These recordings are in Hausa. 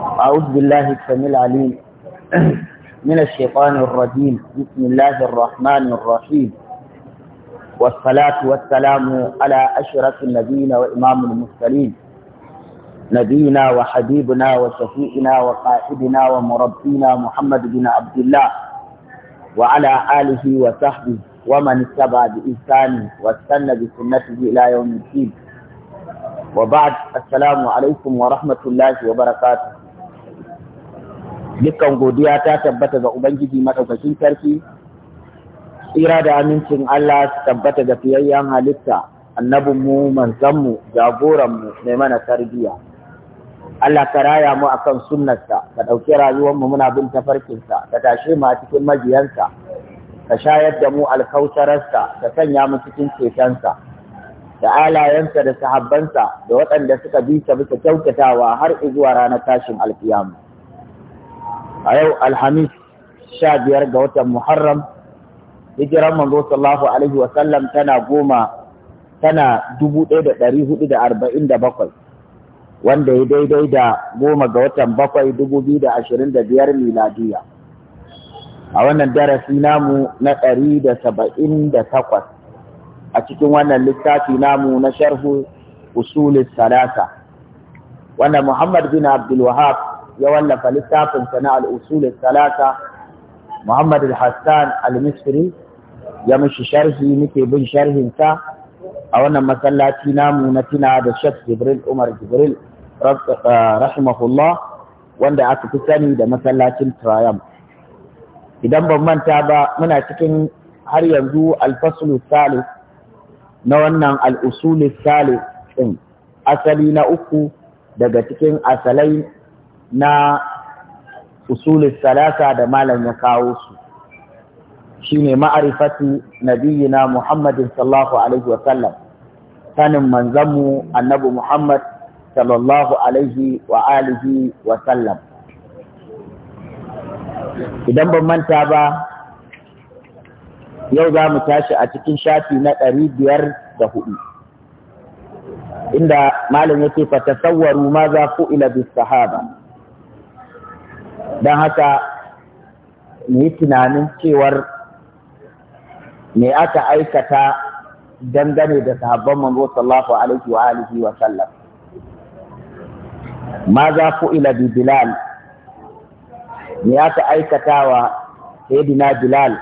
أعوذ بالله السميع العليم من الشيطان الرجيم بسم الله الرحمن الرحيم والصلاة والسلام على أشرف النبيين وإمام المرسلين نبينا وحبيبنا وشفيئنا وقائدنا ومربينا محمد بن عبد الله وعلى آله وصحبه ومن اتبع بإنسانه واستنى بسنته إلى يوم الدين وبعد السلام عليكم ورحمة الله وبركاته dukkan godiya ta tabbata ga Ubangiji maɗaukakin sarki, tsira da amincin Allah tabbata ga fiyayyen halitta, annabin mu manzanmu, jagoranmu mai mana tarbiyya. Allah ka raya mu akan sunnarsa, ka ɗauki mu muna bin tafarkinsa, ka tashe mu a cikin majiyansa, ka shayar da mu alkautararsa, ka sanya mu cikin cetonsa. da alayensa da sahabbansa da waɗanda suka bi ta bisa kyautatawa har zuwa ranar tashin alkiyama. a yau alhamis sha biyar ga watan muharram hijiran manzo sallallahu alaihi wasallam tana goma tana dubu ɗaya da ɗari hudu da arba'in da bakwai wanda ya daidai da goma ga watan bakwai dubu biyu da ashirin da biyar miladiya a wannan darasi namu na ɗari da saba'in da takwas a cikin wannan littafi namu na sharhu usulis salasa wanda muhammad bin abdulwahab ya wallafa littafinsa na al'usulun talata Muhammad al-Hassan al-Misri ya mishi sharhi muke bin sharhinsa a wannan masallaci namu na tina da Sheikh Jibril Umar Jibril rahimahullah wanda aka fi sani da masallacin Triumph. Idan ban manta ba muna cikin har yanzu alfasulu salis na wannan al-Usul salis ɗin asali na uku daga cikin asalai na usulul salasa da malam ya kawo su shine ma'arifatu nabiyina Muhammadin sallallahu alaihi wa sallam sanin manzanmu annabi Muhammad sallallahu alaihi wa alihi wa sallam idan ban manta ba yau za mu tashi a cikin shafi na ɗari biyar da hudu inda malam yake fa tasawwaru ma za ku ila bis sahaba don haka mu yi tunanin cewar me aka aikata dangane da sahabban manzo sallallahu alaihi wa alihi wa sallam ma za ku ila bi bilal me aka aikatawa sayyidina bilal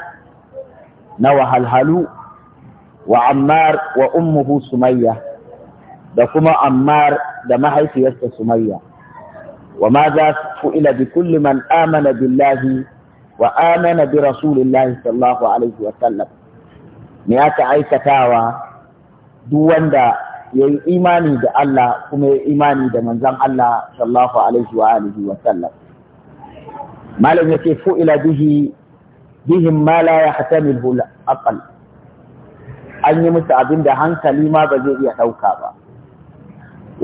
na wahalhalu wa ammar wa ummuhu sumayya da kuma ammar da mahaifiyarsa sumayya za su وماذا فعل بكل من آمن wa amana bi الله صلى alaihi wa sallam? me aka aikatawa duk wanda ya yi imani da Allah kuma ya imani da manzan Allah sallallahu alaihi wa alihi wa sallam malam yake fu'ila bihi bihim ma la yahtamilu al-aql an yi musu abin da hankali ma ba zai iya ɗauka ba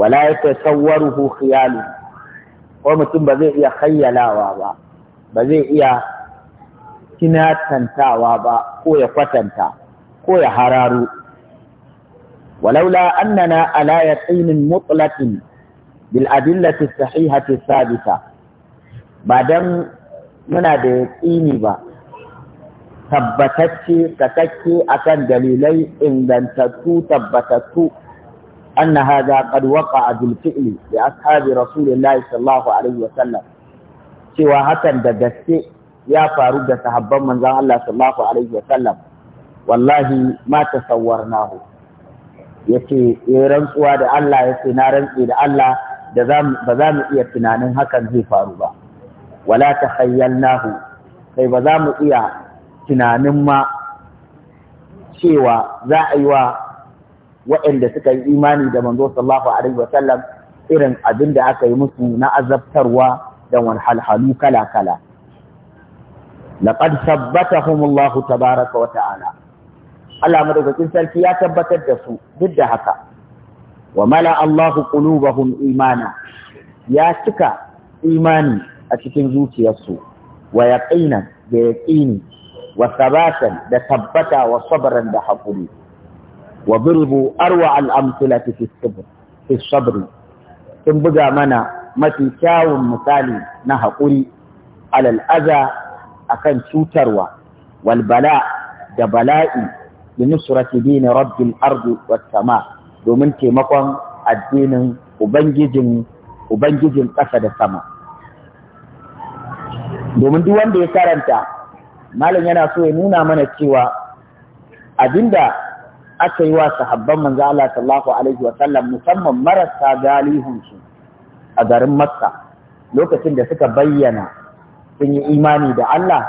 wala ya yatasawwaruhu khiyaluhu ko mutum ba zai iya khayyalawa ba ba zai iya tinatantawa ba ko ya kwatanta ko ya hararu walaula annana ala yaqinin mutlaqin bil adillati sahihati sabita ba dan muna da yaqini ba tabbatacce kasacce akan dalilai ingantattu tabbatattu أن هذا قد وقع بالفعل لأصحاب رسول الله صلى الله عليه وسلم سوى هكذا دسي يا فاروق صحابة من ذا الله صلى الله عليه وسلم والله ما تصورناه yace ya rantsuwa da Allah ce na rantse da Allah da ba za mu iya tunanin hakan zai faru ba wala nahu. kai ba za mu iya tunanin ma cewa za a yi wa waɗanda suka yi imani da manzo sallallahu alaihi wa sallam irin abin da aka yi musu na azabtarwa da walhalhalu kala-kala. Laƙad tabbata humullahu tabaraka wa ta'ala. Allah madaukakin sarki ya tabbatar da su duk da haka. Wa mala Allahu qulubahum imana ya cika imani a cikin zuciyarsu wa yaqinan da yaqini wa sabatan da tabbata wa sabran da haƙuri. Wa birbu الأمثلة في الصبر في sun buga mana mafi kyawun misali na haƙuri alal aza akan cutarwa wal bala da bala'i bi nusrati dini rabbil ardi was sama domin taimakon addinin ubangijin ubangijin ƙasa da sama domin duk wanda ya karanta malam yana so ya nuna mana cewa abinda aka yi wa sahabban manzo Allah sallallahu alaihi wa sallam musamman marasa galihun su a garin Makka lokacin da suka bayyana sun yi imani da Allah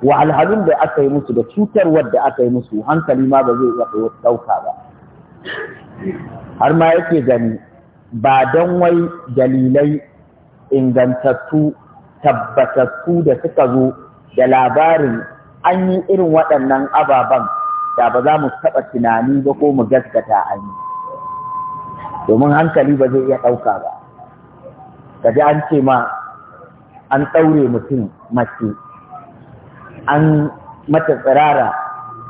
wa alhalin da aka yi musu da cutar wadda aka yi musu hankali ma ba zai iya ɗauka ba har ma yake gani ba dan wai dalilai ingantattu tabbatattu da suka zo da labarin an yi irin waɗannan ababen da ba za mu taɓa tunani ba ko mu gaskata an yi domin hankali ba zai iya ɗauka ba kaji an ce ma an ɗaure mutum mace an mata tsirara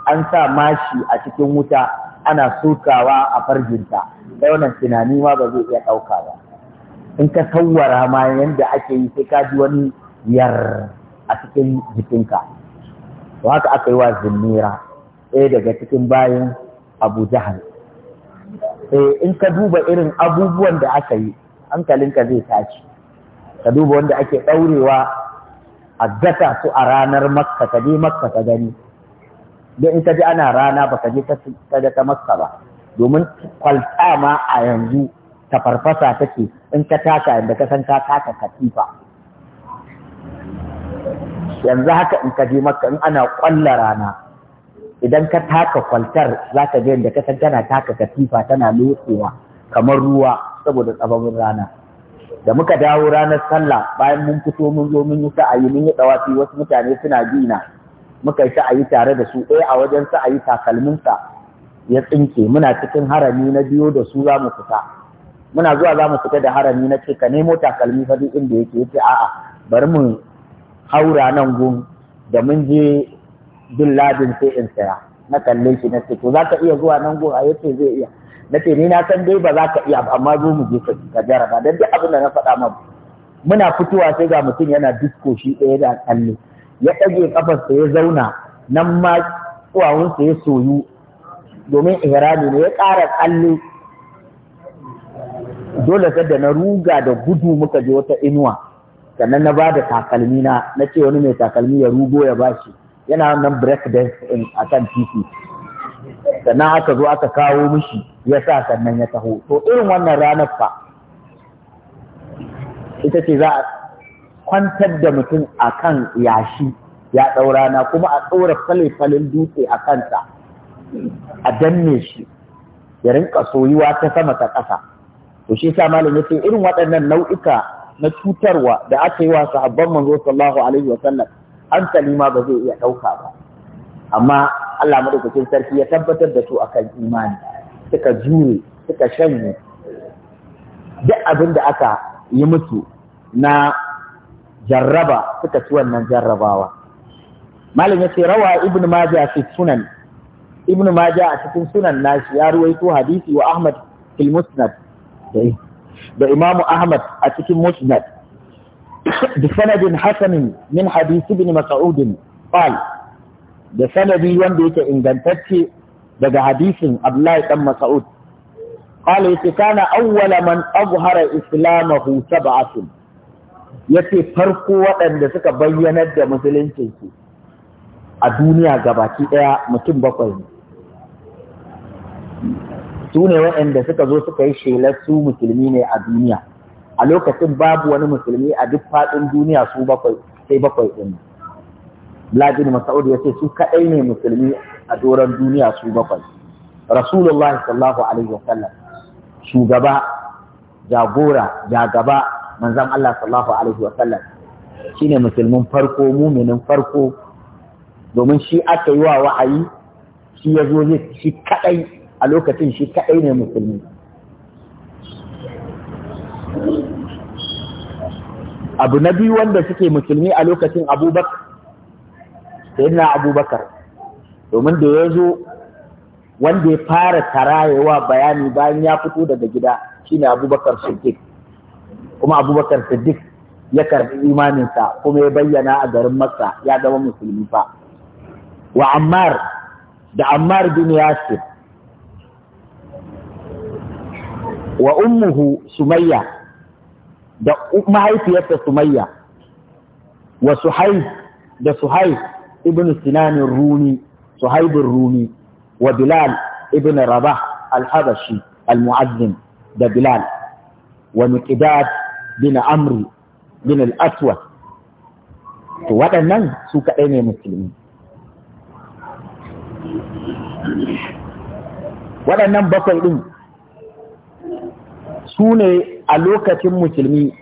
an sa mashi a cikin wuta ana sokawa a farjinta da wannan tunani ma ba zai iya ɗauka ba in ka tawara ma yadda ake yi sai ka ji wani yar a cikin jikinka to haka aka yi wa zinnira ɗaya daga cikin bayan abu jahal eh, in ka duba irin abubuwan da aka yi hankalinka zai tashi ka duba wanda ake ɗaurewa a gasa su a ranar makka ka je makka ka gani don in ka ji ana rana ba ka je ka ga ta makka ba domin kwalta ma a yanzu ta farfasa take in ka taka inda ka san ka taka katifa yanzu haka in ka je makka in ana kwalla rana idan ka taka kwaltar za ka ga yadda kasan tana taka katifa tana lotsewa kamar ruwa saboda tsabamin rana da muka dawo ranar sallah bayan mun fito mun zo mun yi sa'ayi mun yi dawafi wasu mutane suna bina muka yi sa'ayi tare da su ɗaya a wajen sa'ayi takalminsa ya tsinke muna cikin harami na biyo da su za mu fita muna zuwa za mu fita da harami na ce ka nemo takalmi fa duk inda yake yace a'a bari mu haura nan gun da mun je bin ladin sai in saya na kalle shi na ce za ka iya zuwa nan gora Ya ce zai iya na ce ni na san dai ba za ka iya ba amma zo mu je ka jaraba dan duk abin da na faɗa ma muna fitowa sai ga mutum yana disko shi ɗaya da kalle ya ɗage kafarsa ya zauna nan ma tsuwawunsa ya soyu domin ihrami ne ya ƙara tsalle dole sai da na ruga da gudu muka je wata inuwa sannan na ba da takalmi na na ce wani mai takalmi ya rugo ya bashi yana nan break dance in kan titi sannan aka zo aka kawo mishi ya sa sannan ya taho to irin wannan ranar fa ita ce za a kwantar da mutum a kan yashi ya ɗaura kuma a ɗora fale-falen dutse a kansa a danne shi ya rinka soyuwa ta sama ta ƙasa to shi sa malam ya ce irin waɗannan nau'ika na cutarwa da aka yi wa sahabban manzo sallallahu alaihi wa sallam hankali ma ba zai iya ɗauka ba amma Allah madaukakin sarki ya tabbatar da su akan imani suka jure suka shanye duk abin da aka yi musu na jarraba suka ci wannan jarrabawa malam ya ce rawa ibn majah fi sunan ibn majah a cikin sunan nashi ya ruwaito hadisi wa ahmad fil musnad da imamu ahmad a cikin musnad بسند حسن من حديث ابن مسعود قال بسندي وندك إن جنتك daga hadisin Abdullahi dan Mas'ud qala yace kana awwala man azhara islamahu sab'atun yace farko waɗanda suka bayyanar da musuluncin su a duniya gabaki daya mutum bakwai su ne waɗanda suka zo suka yi su musulmi ne a duniya a lokacin babu wani musulmi a duk faɗin duniya su bakwai sai bakwai ɗin Vladimir Masaudi ya ce su kaɗai ne musulmi a doron duniya su bakwai Rasulullah sallallahu alaihi wa sallam shugaba jagora jagaba manzon Allah sallallahu alaihi wa sallam shine musulmin farko muminin farko domin shi aka yi wa wa'ayi shi ya zo shi kaɗai a lokacin shi kaɗai ne musulmi abu na biyu wanda suke musulmi a lokacin abubakar na abubakar domin da ya zo wanda ya fara tarayewa bayani bayan ya fito daga gida shine abubakar siddiq kuma abubakar siddiq ya karbi imaninsa kuma ya bayyana a garin makka ya zama musulmi fa wa ammar da ammar bin yasir wa ummuhu sumayya da mahaifiyarsa Sumayya wa Suhaib da Suhaib ibn Sinan Rumi Suhaib Rumi wa Bilal ibn Rabah al-Habashi al-Mu'azzim da Bilal wa Miqdad bin Amri bin al-Aswad to waɗannan su kaɗai ne musulmi waɗannan bakwai ɗin su ne a lokacin musulmi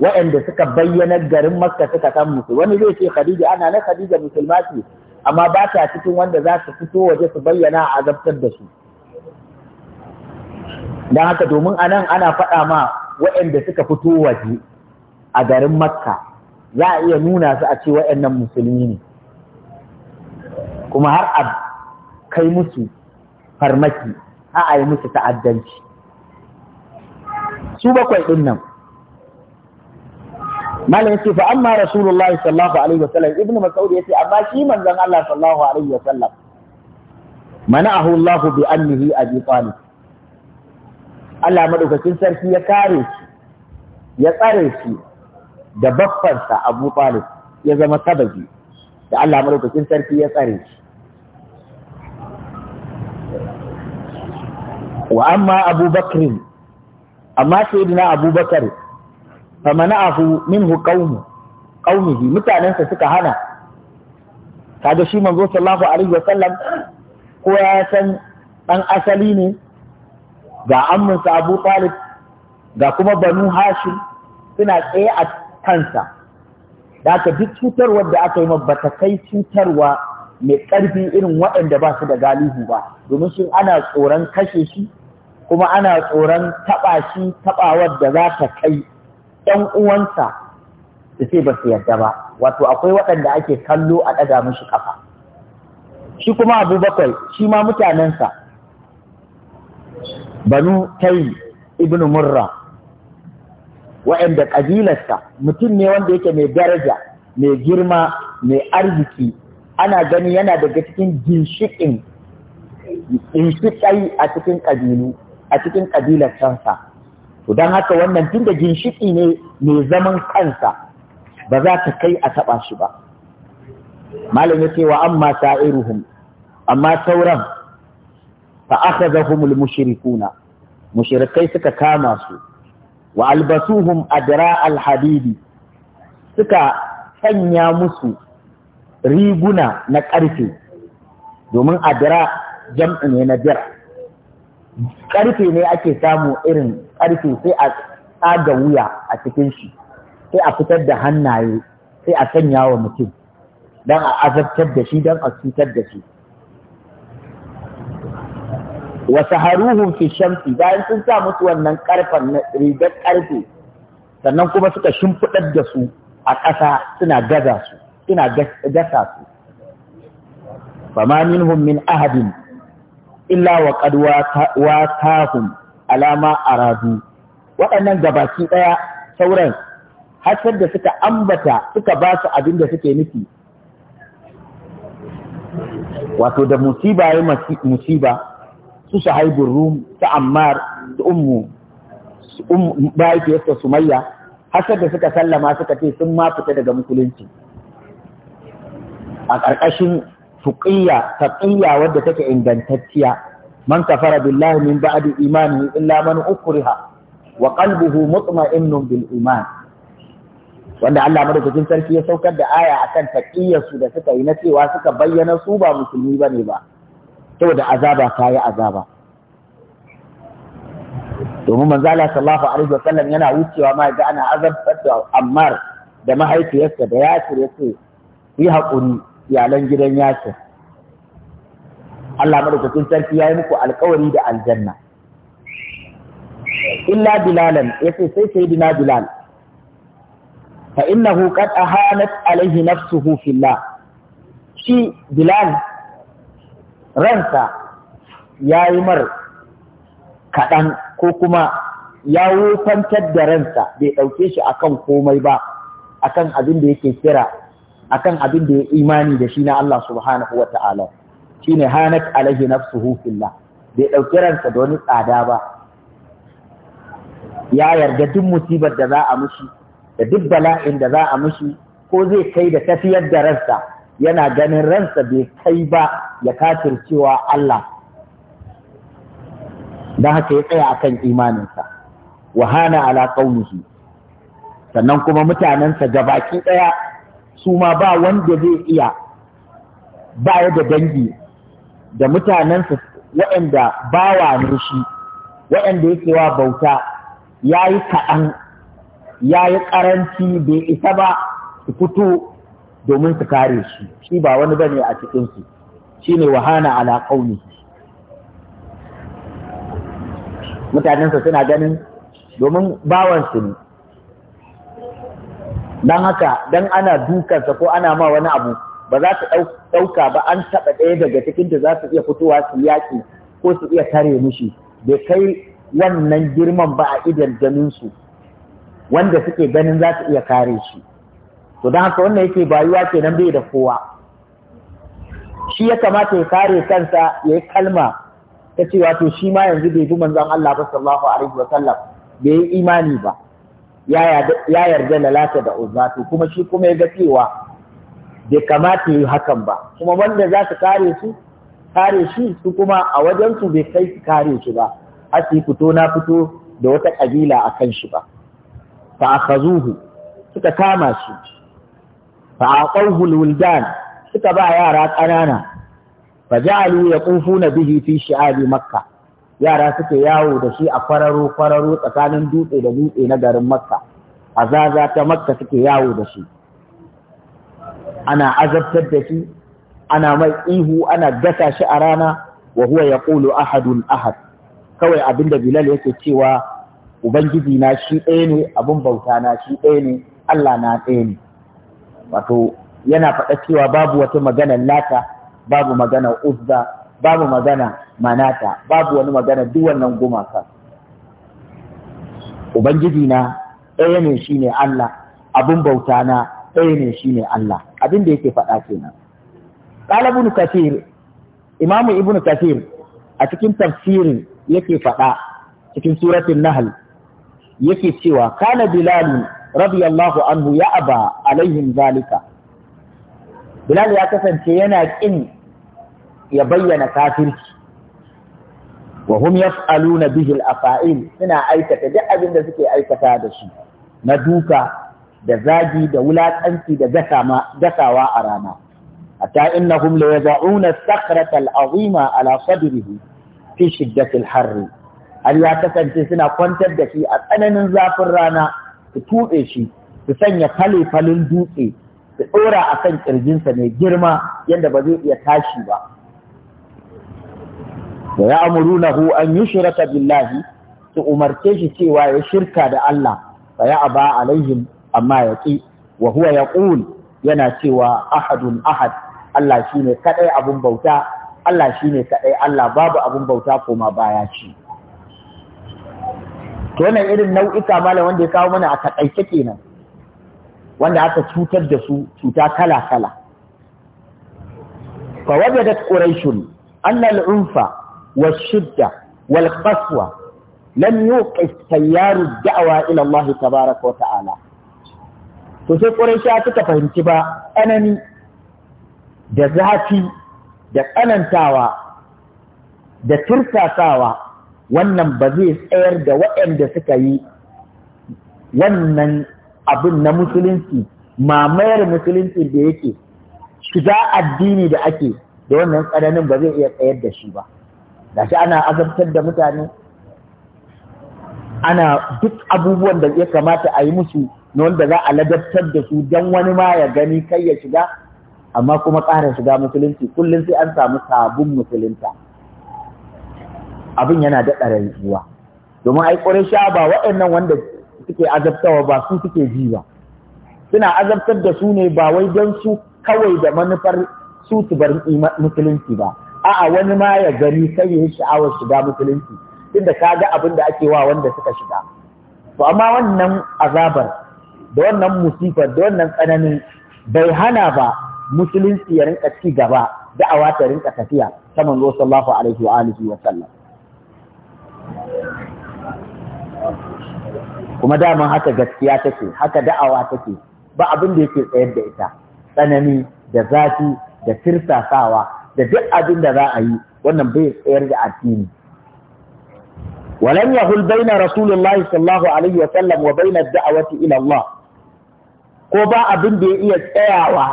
waɗanda suka bayyana garin makka suka san musu wani zai ce khadija ana na khadija musulma ce amma ba ta cikin wanda za su fito waje su bayyana a azabtar da su don haka domin a nan ana faɗa ma waɗanda suka fito waje a garin makka za a iya nuna su a ce waɗannan musulmi ne kuma har a kai musu farmaki a a yi musu ta'addanci su bakwai din nan malam yace fa amma rasulullahi sallallahu alaihi wasallam ibnu mas'ud yace amma shi manzon Allah sallallahu alaihi wasallam mana'ahu Allah bi annihi abi talib Allah madaukakin sarki ya kare shi ya tsare shi da baffansa Abu Talib ya zama sababi da Allah madaukakin sarki ya tsare shi wa amma Abu Bakr amma sayyidina abubakar fa mana'ahu minhu qaumu qaumihi mutanensa suka hana kaga shi manzo sallallahu alaihi wa sallam ko ya san dan asali ne ga amminsa Abu Talib ga kuma Banu Hashim suna tsaye a kansa da aka duk cutarwar da aka yi ba ta kai cutarwa mai ƙarfi irin waɗanda ba su da galihu ba domin shi ana tsoron kashe shi kuma ana tsoron taɓa shi taɓawar da za ta kai ɗan uwansa da sai ba su yarda ba wato akwai waɗanda ake kallo a ɗaga mishi ƙafa shi kuma abu bakwai shi ma mutanensa banu tai ibnu murra wa'anda ƙabilarsa mutum ne wanda yake mai daraja mai girma mai arziki ana gani yana daga cikin ginshiƙin ginshiƙai a cikin ƙabilu a cikin ƙabilar kansa. to don haka wannan tun da ginshiƙi ne mai zaman kansa ba za ta kai a taɓa shi ba malam ya ce wa amma sa'iruhum amma sauran fa akhadhahumul mushrikuna mushrikai suka kama su wa albasuhum adra alhadidi suka sanya musu riguna na ƙarfe domin adra jam'i ne na dira Ƙarfe ne ake samu irin ƙarfe sai a tsaga wuya a cikin shi sai a fitar da hannaye sai a sanya wa mutum don a azabtar da shi don a cutar da shi Wasu haruhun fi shamsi bayan sun sa musu wannan karfan na rigar karfe sannan kuma suka shimfiɗar da su a ƙasa suna gasa su fama minhum min ahadin illa wa qad watahum alama aradu waɗannan gabaki ɗaya sauran hasar da suka ambata suka ba su abin da suke nufi wato da musiba ya musiba su shahaibun rum ta ammar da ummu sumayya hasar da suka sallama suka ce sun ma fita daga musulunci a ƙarƙashin tuqiyya taqiyya wadda take ingantacciya man kafara billahi min ba'di imanihi illa man ukriha wa qalbuhu mutma'innun bil iman wanda Allah madaukakin sarki ya saukar da aya akan taqiyyar su da suka yi na cewa suka bayyana su ba musulmi bane ba saboda azaba ta yi azaba domin manzo Allah sallallahu alaihi wasallam yana wucewa ma ga ana azabtar da Ammar da mahaifiyarsa da Yasir yace yi haƙuri iyalan gidan yakin Allah madaukakin sarki ya yi muku alkawari da aljanna illa bilalan yace sai sai dina bilal fa innahu qad ahanat alaihi nafsuhu fillah shi bilal ransa ya yi mar kaɗan ko kuma ya wufantar da ransa bai ɗauke shi akan komai ba akan abin da yake kira akan abin da ya imani da shi na Allah subhanahu wa ta'ala shine hanat alaihi nafsuhu fillah bai ɗauki ransa da wani tsada ba ya yarda duk musibar da za a mushi da duk bala'in da za a mushi ko zai kai da tafiyar da ransa yana ganin ransa bai kai ba ya cewa Allah don haka ya tsaya akan imaninsa wahana ala qaumihi sannan kuma mutanensa gabaki ɗaya su ma ba wanda zai iya ba da dangi da mutanensa waɗanda bawa ne shi waɗanda yake wa bauta ya yi kaɗan ya yi ƙaranci bai isa ba su fito domin su kare shi shi ba wani ba ne a cikinsu shi ne wahana ala ƙauni mutanensa suna ganin domin bawansu ne don haka don ana dukansa ko ana ma wani abu ba za ta ɗauka ba an taɓa ɗaya daga cikinta za su iya fitowa su yaki ko su iya tare mushi bai kai wannan girman ba a idan ganinsu wanda suke ganin za su iya kare shi to don haka wannan yake bayuwa kenan bai da kowa shi ya kamata ya kare kansa ya yi kalma ta cewa to shi ma yanzu bai bi manzon Allah ba sallallahu alaihi wa sallam bai yi imani ba ya yarda da lata da uzatu kuma shi kuma ya ga cewa bai kamata yi hakan ba kuma wanda za su kare su kare shi su kuma a wajen su bai kai su kare shi ba a su fito na fito da wata kabila a kan shi ba fa a Kazuhu suka kama shi fa a aqawhu wuldan suka ba yara ƙanana fa ja'alu yaqufuna bihi fi shi'abi Makka. yara suke yawo da shi a fararo-fararo tsakanin dutse da dutse na garin makka azaza ta makka suke yawo da shi ana azabtar da shi ana mai ihu ana gasa shi a rana wa huwa yaqulu ahadun ahad kawai abinda bilal yake cewa ubangiji na shi ɗaya ne abin bauta na shi ɗaya ne Allah na ɗaya ne wato yana faɗa cewa babu wata maganar lata babu maganar uzza babu magana manata babu wani magana duk wannan gumaka ubangiji na ɗaya ne shine Allah abin bauta na ɗaya ne shine Allah abin da yake faɗa kenan qala ibn kathir ibn kathir a cikin tafsirin yake faɗa cikin suratul nahl yake cewa kana bilal radiyallahu anhu ya aba alaihim zalika bilal ya kasance yana kin ya bayyana kafirci wa hum yaf'aluna bihi al-afa'il suna aikata duk abin da suke aikata da shi na duka da zagi da wulakanci da gasawa a rana hatta innahum la yad'una ya sakhrata al-azima ala sadrihi fi shiddati al-harr ya kasance suna kwantar da shi a tsananin zafin rana su tuɓe shi su sanya fale falin dutse su ɗora a kan ƙirjinsa mai girma yadda ba zai iya tashi ba wa ya'murunahu an yushraka billahi su umarce shi cewa ya shirka da Allah fa ya aba alaihim amma ya wa huwa yaqul yana cewa ahadun ahad Allah shine kadai abun bauta Allah shine kadai Allah babu abun bauta koma baya shi to wannan irin nau'ika malam wanda ya kawo mana a takaice kenan wanda aka cutar da su cuta kala kala fa wajadat quraishun anna al-unfa والشدة والقسوة لم يوقف تيار الدعوة إلى الله تبارك وتعالى ba tsanani da zafi da tsanantawa da دترساتاوى wannan ba zai tsayar da waɗanda suka yi wannan abin na musulunci mamayar musulunci da yake shiga addini da ake da wannan tsananin ba zai iya tsayar da shi ba. gashi ana azabtar da mutane ana duk abubuwan da ya kamata a yi musu na wanda za a ladabtar da su don wani ma ya gani kai ya shiga amma kuma ƙara shiga musulunci kullum sai an samu sabon musulunta abin yana daɗa rayuwa domin ai sha ba waɗannan wanda suke azabtawa ba su suke ji ba suna azabtar da su ne ba wai don su kawai da manufar su su musulunci ba a'a wani ma ya gani sai ya yi sha'awar shiga musulunci tunda ka ga abin da ake wa wanda suka shiga to amma wannan azabar da wannan musifar da wannan tsananin bai hana ba musulunci ya rinka ci gaba da'awa ta rinka tafiya ta manzo sallallahu alaihi wa alihi wa sallam kuma daman haka gaskiya take haka da'awa take ba abin da yake tsayar da ita tsanani da zafi da tirsasawa da duk abin da za a yi wannan bai tsayar da addini ولم yahul baina رسول الله صلى الله عليه وسلم وبين ko ba abin da ya iya tsayawa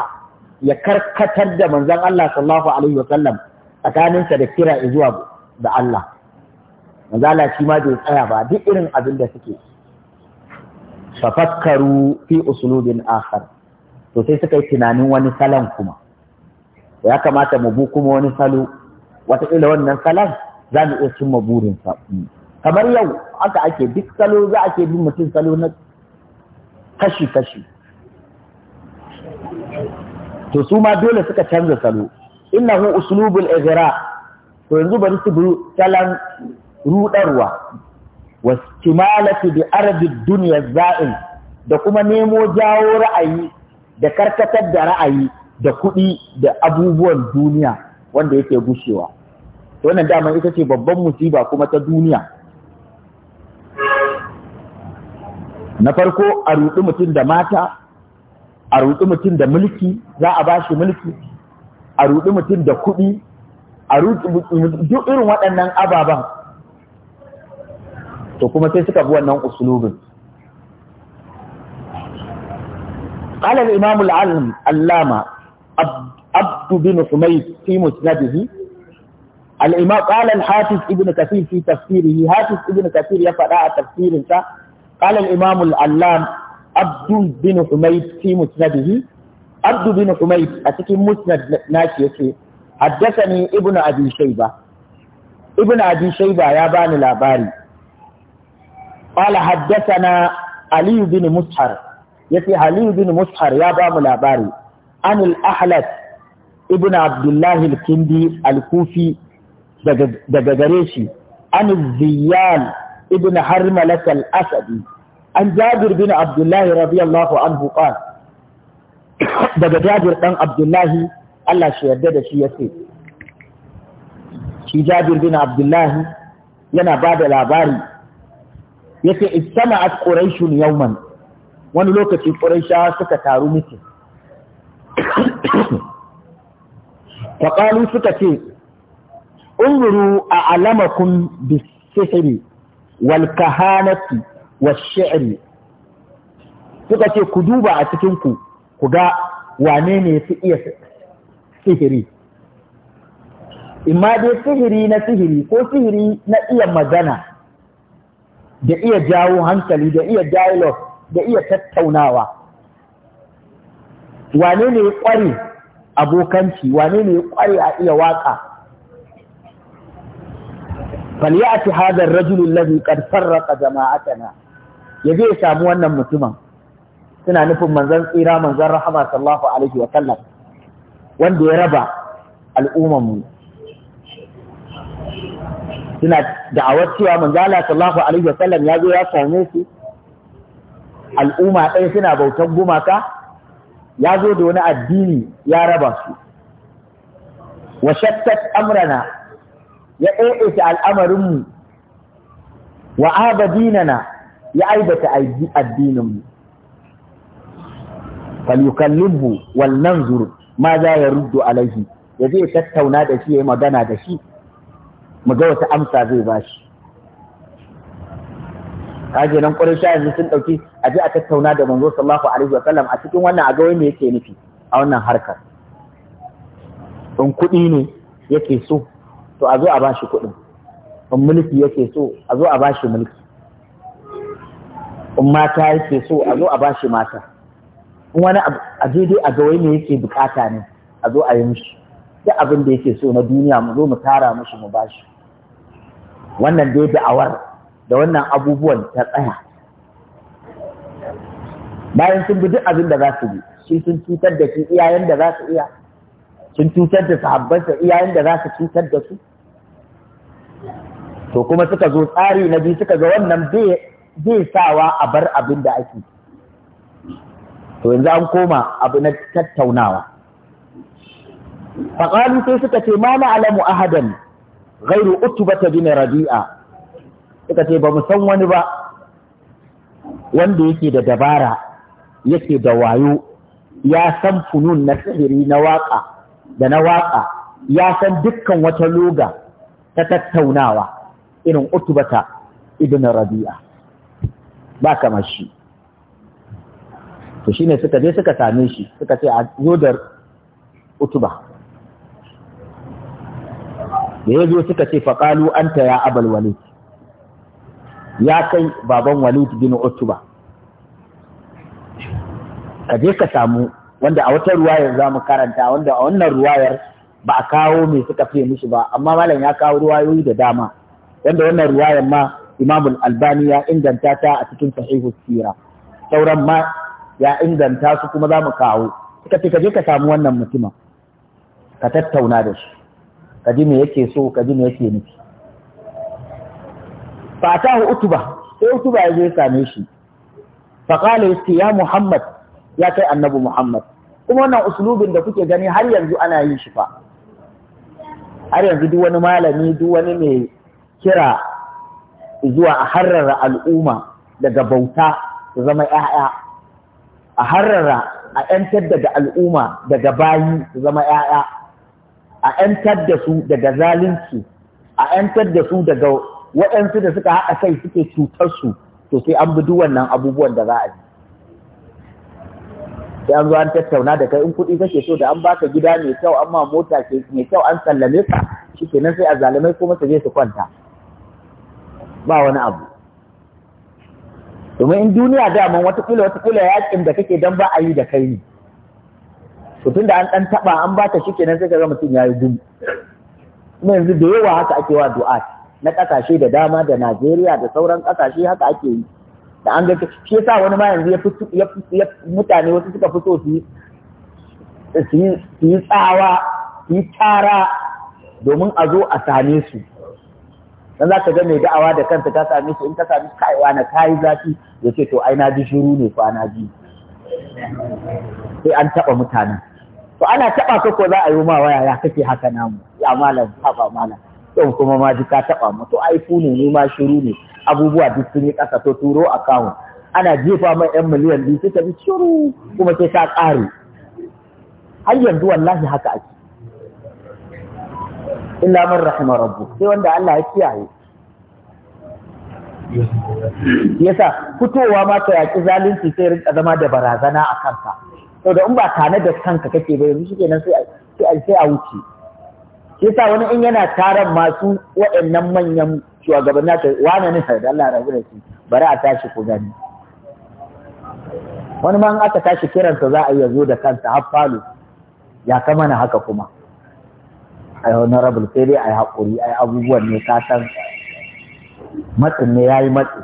ya karkatar da manzon Allah sallallahu alaihi wasallam tsakaninsa da kira zuwa da Allah manzon shi ma bai tsaya ba duk irin abin da suke tafakkaru fi usulubin akhar to sai suka yi tunanin wani salon kuma ya kamata mu bu kuma wani salo wataƙila wannan salon za mu iya cimma burinsa kamar yau aka ake duk salo za a ke bin mutum salo na kashi-kashi to su ma dole suka canza salo innahu uslubul ighra to yanzu bari su bi salon rudarwa wastimalati bi ardi dunya za'in, da kuma nemo jawo ra'ayi da karkatar da ra'ayi da kuɗi da abubuwan duniya wanda yake gushewa wannan damar ita ce babban musiba kuma ta duniya na farko a ruɗi mutum da mata a ruɗi mutum da mulki za a bashi mulki a ruɗi mutum da kuɗi a ruɗi duk irin waɗannan ababen to kuma sai suka bi wannan usulubin قال الإمام العلم اللامة عبد بن حميد في مسنده الإمام قال الحافظ ابن كثير في تفسيره حافظ ابن كثير يفعل تفسير قال الإمام العلام عبد بن حميد في مسنده عبد بن حميد أتكي مسند ناشي حدثني ابن أبي شيبة ابن أبي شيبة يا بان الأباري قال حدثنا علي بن مسحر يتي علي بن مسحر يا بام الأباري Anil Ahlad ibn abdullah al-kindi al-kufi daga gare shi an ziyan ibn harmalat al-asadi an jabir bin abdullah radiyallahu anhu qala daga jabir dan Allah shi yarda da shi yace shi jabir bin yana ba da labari yace istama'at quraishun yawman wani lokaci quraishawa suka taru mutum faƙalu suka ce unguru a alamakun bisihiri wal kahanati wa shiari. suka ce ku duba a cikinku ku ga wane ne su iya sihiri imma dai sihiri na sihiri ko sihiri na iya magana da iya jawo hankali da iya dialogue da iya tattaunawa wane ne ya kware abokanci wane ne ya kware a iya waka falyati hadha ar-rajul alladhi qad farraqa jama'atana yaje ya samu wannan mutumin suna nufin manzon tsira manzon rahama sallallahu alaihi wa sallam wanda ya raba al'umman mu suna da'awar cewa manzo Allah sallallahu alaihi wasallam ya zo ya same su al'umma ɗaya suna bautan gumaka ya zo da wani addini ya raba su wa shakkat amrana ya ɗaiɗaita al'amarinmu wa abadinana ya aibata addininmu falyukallimhu wal nanzur ma za ya ruddu alaihi ya zai tattauna da shi ya yi magana da shi mu ga wata amsa zai bashi ka kenan quraisha yanzu sun dauki a je a tattauna da manzo sallallahu alaihi wa sallam a cikin wannan agawai ne yake nufi a wannan harkar in kuɗi ne yake so to a zo a bashi kuɗin in mulki yake so a zo a bashi mulki in mata yake so a zo a bashi mata in wani a daidai a gawai ne yake bukata ne a zo a yi mishi duk abin da yake so na duniya mu zo mu tara mishi mu bashi wannan dai da'awar da wannan abubuwan ta tsaya bayan sun bi duk abin da za su bi shi sun cutar da shi iyayen da za su iya sun cutar da sahabbansa iyayen da za su cutar da su to kuma suka zo tsari na biyu suka ga wannan bai sawa a bar abin da ake to yanzu an koma abu na tattaunawa faƙalu sai suka ce ma na alamu ahadan ghairu utubata bin rabi'a suka ce ba san wani ba wanda yake da dabara yake da wayo ya san funun na sihiri na waka da na waka ya san dukkan wata loga ta tattaunawa irin utubata ibn rabi'a ba kamar shi to shine suka je suka same shi suka ce a zo da utuba da ya zo suka ce faƙalu anta ya abal walid ya kai baban walid bin utuba ka je ka samu wanda a wata ruwayar za mu karanta wanda a wannan ruwayar ba a kawo mai suka fiye mishi ba amma malam ya kawo ruwayoyi da dama wanda wannan ruwayar ma imamul albani ya inganta ta a cikin sahihu sira sauran ma ya inganta su kuma za mu kawo suka ce ka je ka samu wannan mutumin ka tattauna da shi ka ji me yake so ka ji me yake nufi fa atahu utuba sai utuba ya zo ya same shi fa ya ce ya muhammad ya kai annabi muhammad kuma wannan uslubin da kuke gani har yanzu ana yin shi fa har yanzu duk wani malami duk wani mai kira zuwa a harrara al'umma daga bauta su zama ‘ya'ya, a harrara a ‘yantar daga al'umma daga bayi su zama ‘ya'ya, a ‘yantar da su daga zalunci, a ‘yantar da su daga waɗansu da suka haɗa kai suke su to sai an bi duk wannan abubuwan da za a yi sai an zo an tattauna da kai in kuɗi kake so da an baka gida mai kyau amma mota mota mai kyau an sallame ka shi nan sai a zalimai ko masa je su kwanta ba wani abu domin in duniya daman watakila watakila yakin da kake dan ba a yi da kai ne to tunda an dan taba an baka shi nan sai ka ga mutum ya yi gudu kuma yanzu da yawa haka ake wa du'a na ƙasashe da dama da Najeriya da sauran ƙasashe haka ake yi da an ga shi yasa wani ma yanzu ya mutane wasu suka fito su yi tsawa su yi tara domin a zo a same su dan za ka ga mai da'awa da kanta ta same su in ka sami kaiwa na kayi zafi ya ce to ai na ji shiru ne na ji. sai an taɓa mutanen to ana taɓa ko za a yi ma waya ya kake haka namu ya malam haba malam yau kuma ma ji ka taɓa mu to ai ne ni ma shiru ne abubuwa duk sun yi ƙasa to turo account ana jefa mai yan miliyan biyu suka bi shiru kuma sai ta ƙare har yanzu wallahi haka ake illa man rahima rabbu sai wanda Allah ya kiyaye yasa fitowa ma ta yaki zalunci sai rinka zama da barazana a kanka to da in ba tana da kanka kake bai yanzu shikenan sai sai a wuce kisa wani in yana taron masu waɗannan manyan shugabanni ta wane ne da Allah rabu da shi bari a tashi ku gani wani ma in aka tashi kiransa za a iya zo da kansa har falo ya kama na haka kuma ai honorable sai dai ai hakuri ai abubuwan ne ka san matsin ne yayi matsi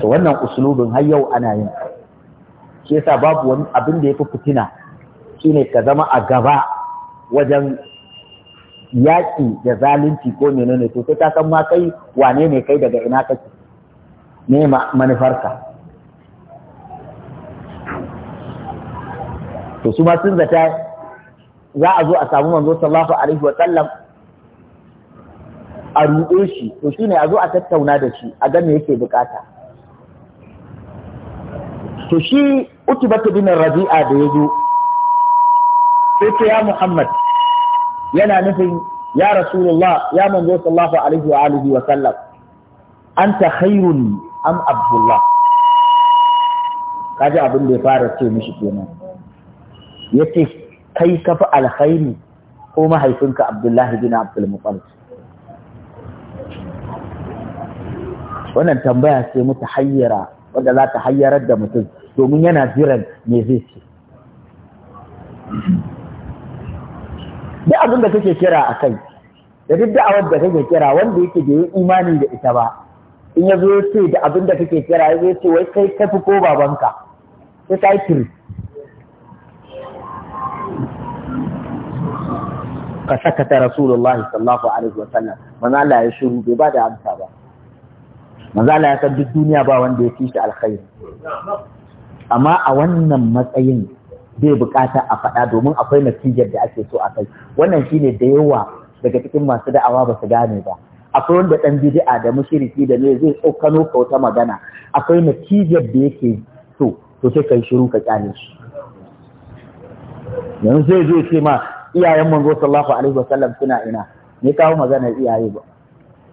to wannan usulubin har yau ana yin shi yasa babu wani abin da ya fi fitina shine ka zama a gaba wajen yaƙi da zalunci ko menene to sai ka san ma kai wane ne kai daga ina kake ne manufarka to su ma sun zata za a zo a samu manzo sallallahu alaihi wa sallam a ruɗe shi to shine a zo a tattauna da shi a ga me yake bukata to shi utubatu bin rabi'a da ya zo sai ce ya Muhammad yana nufin ya Rasulullah ya manzo sallallahu alaihi wa alihi wa sallam anta khairun am Abdullah kaji abin da ya fara ce mishi kenan yace kai kafi alkhairi ko mahaifinka Abdullahi bin Abdul Muttalib wannan tambaya ce mutu hayyara wanda za ta hayyarar da mutum domin yana jiran me zai ce abin da kake kira a kai da duk da'awar da kake kira wanda yake da imani da ita ba in ya zo ce da abin da kake kira ya zo ce wai kai kafi ko babanka sai ka yi ka saka ta rasulullahi sallallahu alaihi wa sallam manzo Allah ya shuru bai ba da amsa ba manzo Allah ya san duk duniya ba wanda ya fi shi alkhairi amma a wannan matsayin Zai bukata a faɗa domin akwai natijar da ake so a kai wannan shine da yawa daga cikin masu da'awa ba su gane ba akwai wanda ɗan bidi'a da mushiriki da ne zai tsokano ka wata magana akwai natijar da yake so to sai kai shiru ka kyale shi yanzu zai zo ce ma iyayen manzo sallallahu alaihi wasallam suna ina me kawo magana iyaye ba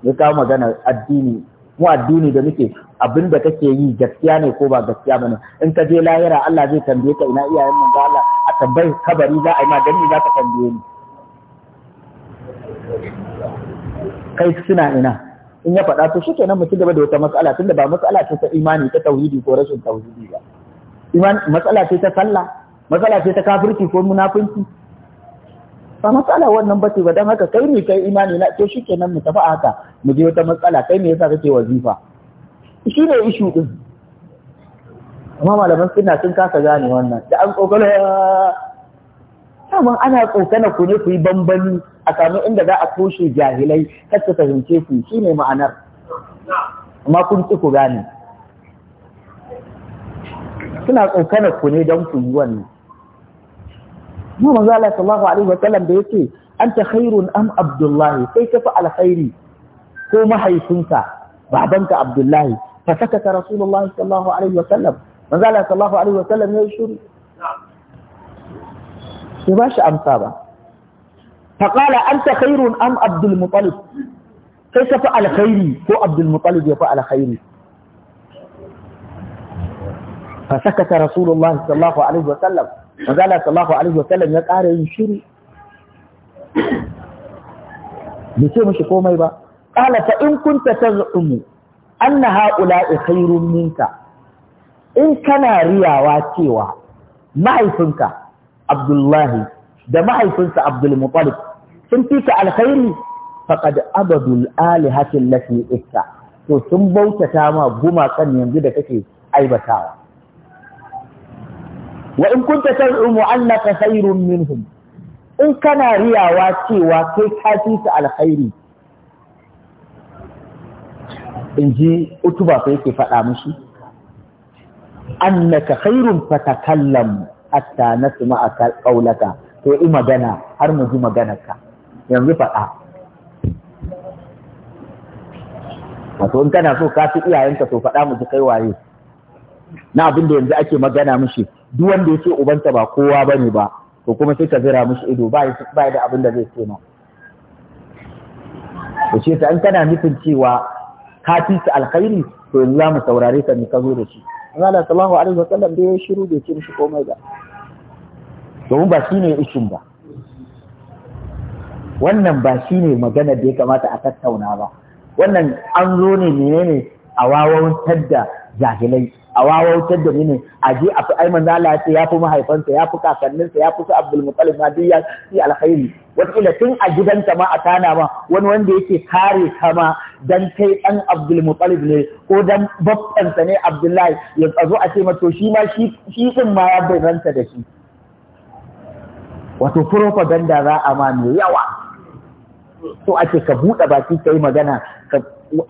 me kawo magana addini mu addini da muke abin da kake yi gaskiya ne ko ba gaskiya bane in ka je lahira Allah zai tambaye ka ina iyayen mu ga Allah a tambayi kabari za a yi ma dan za ka tambaye ni kai suna ina in ya faɗa to nan mu ci gaba da wata matsala tunda ba matsala ce ta imani ta tauhidi ko rashin tauhidi ba iman matsala ce ta sallah matsala ce ta kafirci ko munafinci ba matsala wannan ba ce ba don haka kai ne kai imani na to kenan mu tafi haka mu je wata matsala kai me yasa kake wazifa shi ne ishu din amma malaman suna sun kasa gane wannan da an kokala saman ana kokana ku ne ku yi bambani a sami inda za a toshe jahilai kar su fahimce ku ne ma'anar amma kun ci ku gane suna kokana ku ne don ku yi wannan mu manzo Allah sallallahu alaihi wasallam da yake anta khairun am abdullahi sai ka fi alkhairi ko mahaifinka babanka abdullahi fa sakata rasulullahi sallallahu alaihi wasallam manzo Allah sallallahu alaihi wasallam ya shiru sai ba shi amsa ba fa qala anta khairun am abdul muttalib kai ka fi alkhairi ko abdul muttalib ya fi alkhairi fa sakata rasulullahi sallallahu alaihi wasallam manzo Allah alaihi wasallam ya ƙara yin shiri bai ce mashi komai ba qala ta in kunta tazumu anna haula'i khairun minka in kana riyawa cewa mahaifinka Abdullahi da mahaifinsa Abdul Muttalib sun fika alkhairi faqad abadul alihati allati ikta to sun bautata ma gumakan yanzu da kake aibatawa wa in kunta tad'u mu'allaka khairun minhum in kana riyawa cewa kai ka fi su alkhairi in ji utuba fa yake faɗa mushi annaka khairun fatakallam hatta nasma'a qawlaka to yi magana har mu ji maganarka yanzu faɗa wato in kana so ka fi iyayenka to faɗa mu ji kai waye na abin da yanzu ake magana mushi duk wanda ya ce ubanta ba kowa ba ne ba to kuma sai ka zira mashi ido ba ya da abin da zai ce ma to ce ta an kana nufin cewa ka fi su alkhairi to yanzu za mu saurare ka ne ka zo da shi Allah sallallahu alaihi wasallam da ya shiru bai ce mishi komai ba domin ba shine ishin ba wannan ba shine magana da ya kamata a tattauna ba wannan an zo ne menene a wawantar da jahilai a wawautar da mini a je a fi ai manzo Allah ya ce ya fi mahaifansa ya fi kakanninsa ya fi su Abdul Muttalib ma duk ya fi alkhairi wataƙila tun a gidanta ma a tana ma wani wanda yake kare kama dan kai dan Abdul Muttalib ne ko dan babbansa ne Abdullahi ya tsazo a ce mato shi ma shi din ma ya bayyanta da shi wato propaganda za a ma mai yawa to ake ka buɗe baki ka yi magana da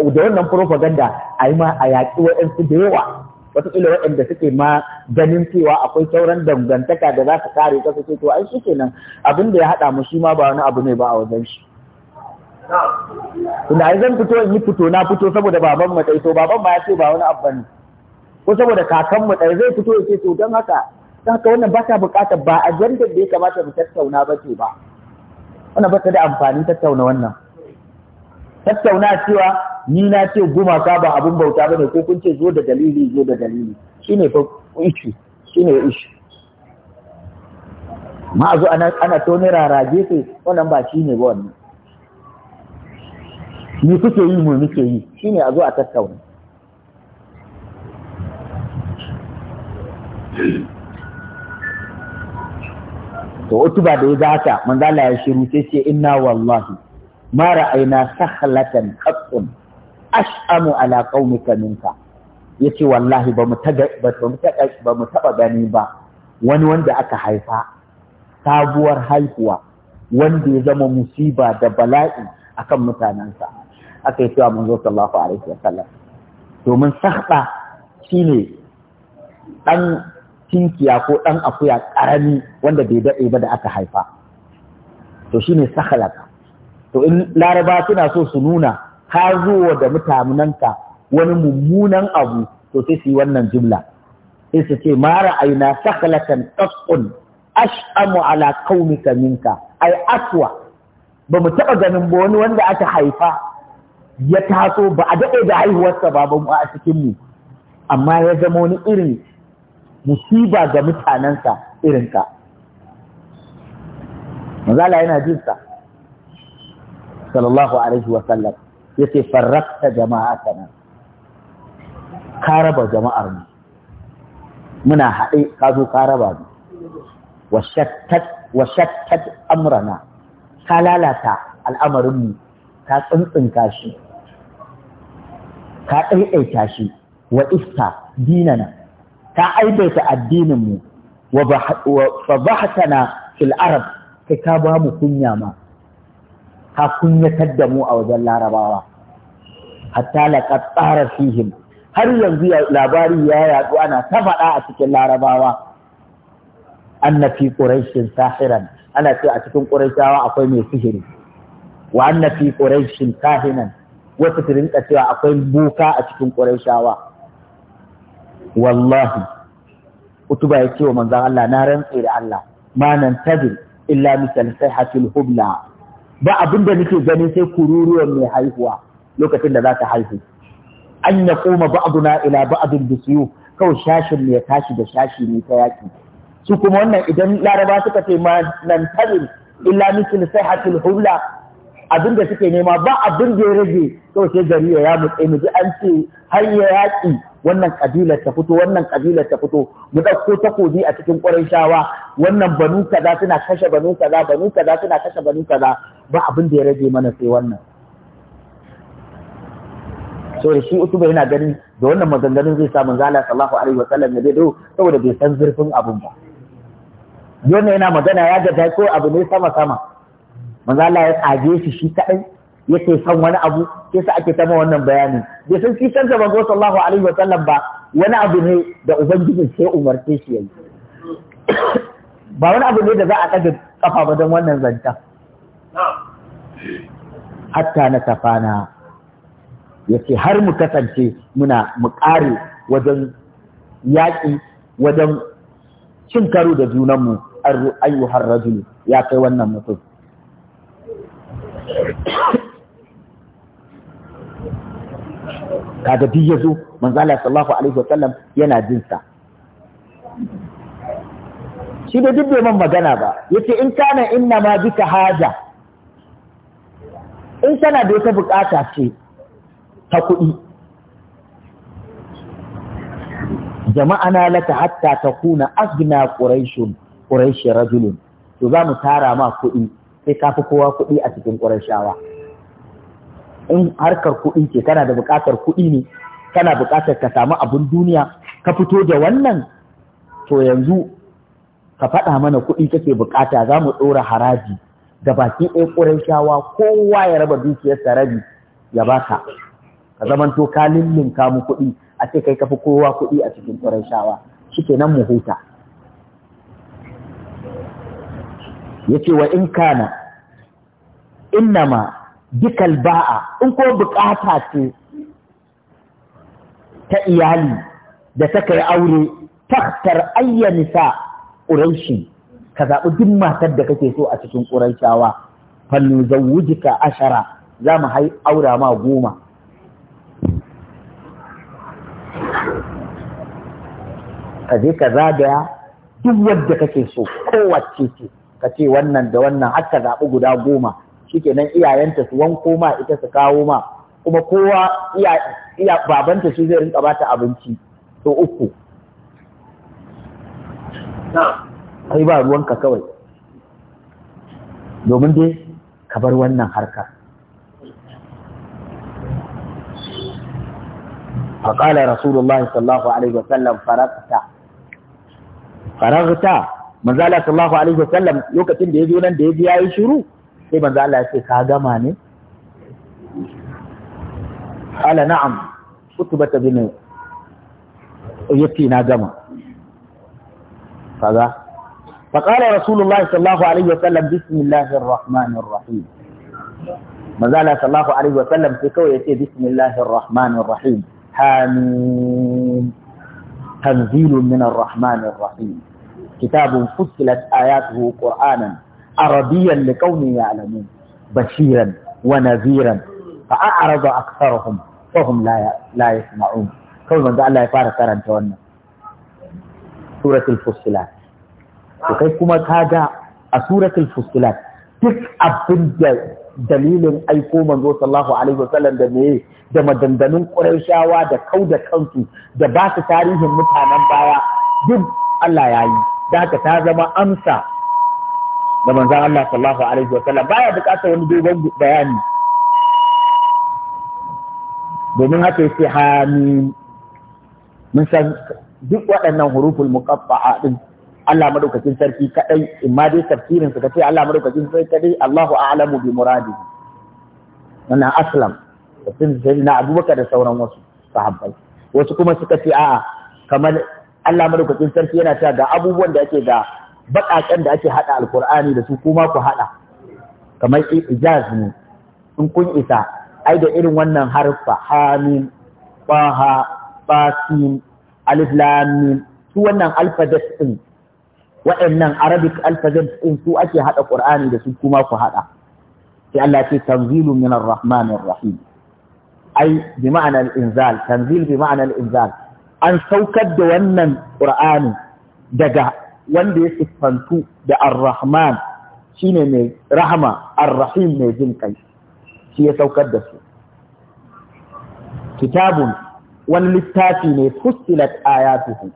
wannan propaganda a yi ma a yaƙi wa'yansu da yawa wataƙila waɗanda suke ma ganin cewa akwai sauran dangantaka da za su kare ka suke to an shi kenan abin da ya haɗa mu shi ma ba wani abu ne ba a wajen shi tunda ai zan fito in yi fito na fito saboda baban mu to baban ma ya ce ba wani abu bane ko saboda kakan mu zai fito ya ce to don haka don haka wannan ba ta buƙatar ba ajandar da ya kamata mu tattauna ba ce ba wannan ba ta da amfani tattauna wannan tattauna cewa ni na ce gumaka ba abun bauta ba ne, ko kun ce zo da dalili zo da dalili shine fa ishu shine ishu ma a zo ana tone rarage sai wannan ba shi ne ba wannan ni kuke yi mu muke yi shine a zo a tattauna to utuba da ya zata manzala ya shiru sai ce inna wallahi mara aina sahlatan qattun ash'amu ala qaumika minka yace wallahi ba mu taga ba mu taba gani ba wani wanda aka haifa sabuwar haihuwa wanda ya zama musiba da bala'i akan mutanensa aka yi cewa manzo sallallahu alaihi wasallam domin sahba shine dan tinkiya ko dan akuya karami wanda bai daɗe ba da aka haifa to shine sahalak to in laraba suna so su nuna ka zuwa da mutanenka wani mummunan abu to sai su yi wannan jimla. sai su ce ma ra'ayna sakhlatan tasqun ash'amu ala qaumika minka ai aswa ba mu taɓa ganin ba wani wanda aka haifa ya taso ba a dade da haihuwarsa ba ba a cikin mu amma ya zama wani irin musiba ga mutanensa irinka. Mazala yana jinsa. sallallahu alaihi wa sallam yace farrakta jama'atana ka raba jama'ar mu muna haɗe ka zo ka raba mu wa shattat wa shattat amrana ka lalata al'amarin mu ka tsintsinka shi ka ɗaiɗaita shi wa ista dinana ka aibaita addinin mu wa fabahatana fil arab kai ka ba mu kunya ma ka kunyatar da mu a wajen larabawa hatta laqad tsara fihim har yanzu labari ya yaɗu ana ta faɗa a cikin larabawa anna fi sahiran ana ce a cikin quraishawa akwai mai sihiri wa anna fi quraishin kahinan wasu su rinka cewa akwai boka a cikin quraishawa wallahi kutuba ya ce wa manzan Allah na rantse da Allah ma nan tabi illa misal sayhatil hubla ba abin da nake ganin sai kururuwan mai haihuwa lokacin da za ta haihu an ya koma na ila ba'adun bisiyu kawai shashin ne ya tashi da shashi ne ta yaki su kuma wannan idan laraba suka ce ma nan tabin illa sai sahatil hula abin da suke nema ba abin da ya rage kawai sai gari ya yamu tsaye mu ji an ce har ya yaki wannan kabilar ta fito wannan kabilar ta fito mu ɗauko takobi a cikin ƙwarin shawa wannan banu kaza suna kashe banu kaza banu kaza suna kashe banu kaza ba abin da ya rage mana sai wannan so da shi utuba yana ganin da wannan maganganun zai samu zala sallallahu alaihi wa sallam zai do saboda bai san zurfin abun ba yana yana magana ya ga ko abu ne sama sama manzo Allah ya tsage shi shi kadai yake san wani abu sai sa ake tama wannan bayanin bai san fitar da manzo sallallahu alaihi wasallam ba wani abu ne da ubangijin sai umarce shi yayi ba wani abu ne da za a ɗaga kafa ba don wannan zanta hatta na tafana ya ce har mu kasance muna mu ƙare wajen yaƙi wajen cin karo da junanmu ayyuhar rajul ya kai wannan mutum kaga duk yazo manzo Allah sallallahu alaihi wasallam yana jin sa shi da duk bai magana ba yace in kana inna ma bika haja in kana da wata bukata ce ta kuɗi jama'a na laka hatta ta kuna asgina ƙuraishun quraish rajulun to za mu tara ma kuɗi sai kafi kowa kuɗi a cikin ƙuraishawa in harkar kuɗi ce kana da buƙatar kuɗi ne kana buƙatar ka samu abin duniya ka fito da wannan to yanzu ka faɗa mana kuɗi kake buƙata za mu ɗora haraji da baki ɗaya ƙuran shawa kowa ya raba dukiyarsa rabi ya baka ka to ka lullunka mu kuɗi a ce kai kafi kowa kuɗi a cikin ƙuran shawa shikenan mu huta Ya ce wa in kana nama. Duk ba'a in ko bukata ce ta iyali da ta kai aure taktar ayyana sa ƙuraishi ka zaɓi duk matar da kake so a cikin ƙuraishawa fannu zawujika ashara za mu hai aura ma goma ka je ka zagaya duk wadda kake so kowace ce ka wannan da wannan har ka zaɓi guda goma nan iyayenta su wanko ma ita su kawo ma kuma kowa iya babanta shi zai rinka bata abinci to uku ai ba ruwan ka kawai domin dai ka bar wannan harka فقال رسول الله صلى Alaihi Wasallam وسلم فرقت فرغت manzala sallallahu alaihi wasallam lokacin da ya zo nan da ya ji yayi shiru sai manzo Allah ya ce ka gama ne ala na'am kutubata bin yace na gama kaza fa qala rasulullah sallallahu alaihi wa sallam bismillahir rahmanir rahim manzo Allah sallallahu alaihi wa sallam sai kawai yace bismillahir rahmanir rahim hamim tanzilun minar rahmanir rahim كتاب فصلت آياته قرآنا arabiyan liqaumin ya'lamun bashiran wa nadhiran fa a'rada aktharuhum fa hum la la yasma'un kawai manzo Allah ya fara karanta wannan suratul fussilat to kai kuma kaga a suratul duk abin dalilin aiko manzo Sallahu alaihi sallam da meye da madandanun Qurayshawa da kau da kansu da ba su tarihin mutanen baya duk Allah ya yi da ta zama amsa da manzan Allah sallallahu alaihi wa sallam baya bukatar wani dogon bayani domin haka yake hami mun san duk waɗannan huruful muqatta'a din Allah madaukakin sarki kadai in ma dai tafsirin su kace Allah madaukakin sarki kadai Allahu a'lamu bi muradihi wannan aslam tafsirin sai na Abubakar da sauran wasu sahabbai wasu kuma suka ce a'a kamar Allah madaukakin sarki yana cewa ga abubuwan da ake da baƙaƙen da ake haɗa Alƙur'ani da su kuma ku haɗa kamar ijaz ne in kun isa ai da irin wannan harfa hamim baha basin alif lam su wannan alphabet din waɗannan arabic alphabet ɗin su ake haɗa ƙur'ani da su kuma ku haɗa sai Allah ce tanzilu min arrahmanir rahim ai bi ma'ana al-inzal tanzil bi ma'ana al-inzal an saukar da wannan ƙur'ani daga wanda ya siffantu da ar-rahman shine mai rahama ar-rahim mai jin kai shi ya saukar da su kitabun wani littafi ne fussilat ayatuhu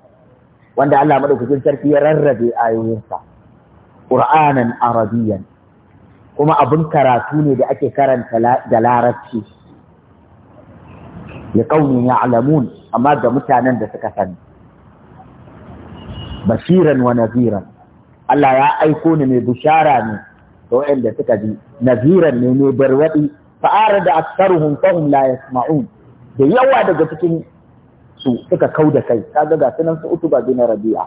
wanda Allah madaukakin sarki ya rarrabe ayoyinsa qur'anan arabiyan kuma abin karatu ne da ake karanta da larabci ya kauni ya alamun amma ga mutanen da suka sani bashiran wa naziran Allah ya aiko ni mai bushara ne ga waɗanda suka ji naziran ne mai fa fa'ara da aksaruhum fahum la yasma'un da yawa daga cikin su suka kau da kai kaga ga sunan su utuba bin rabi'a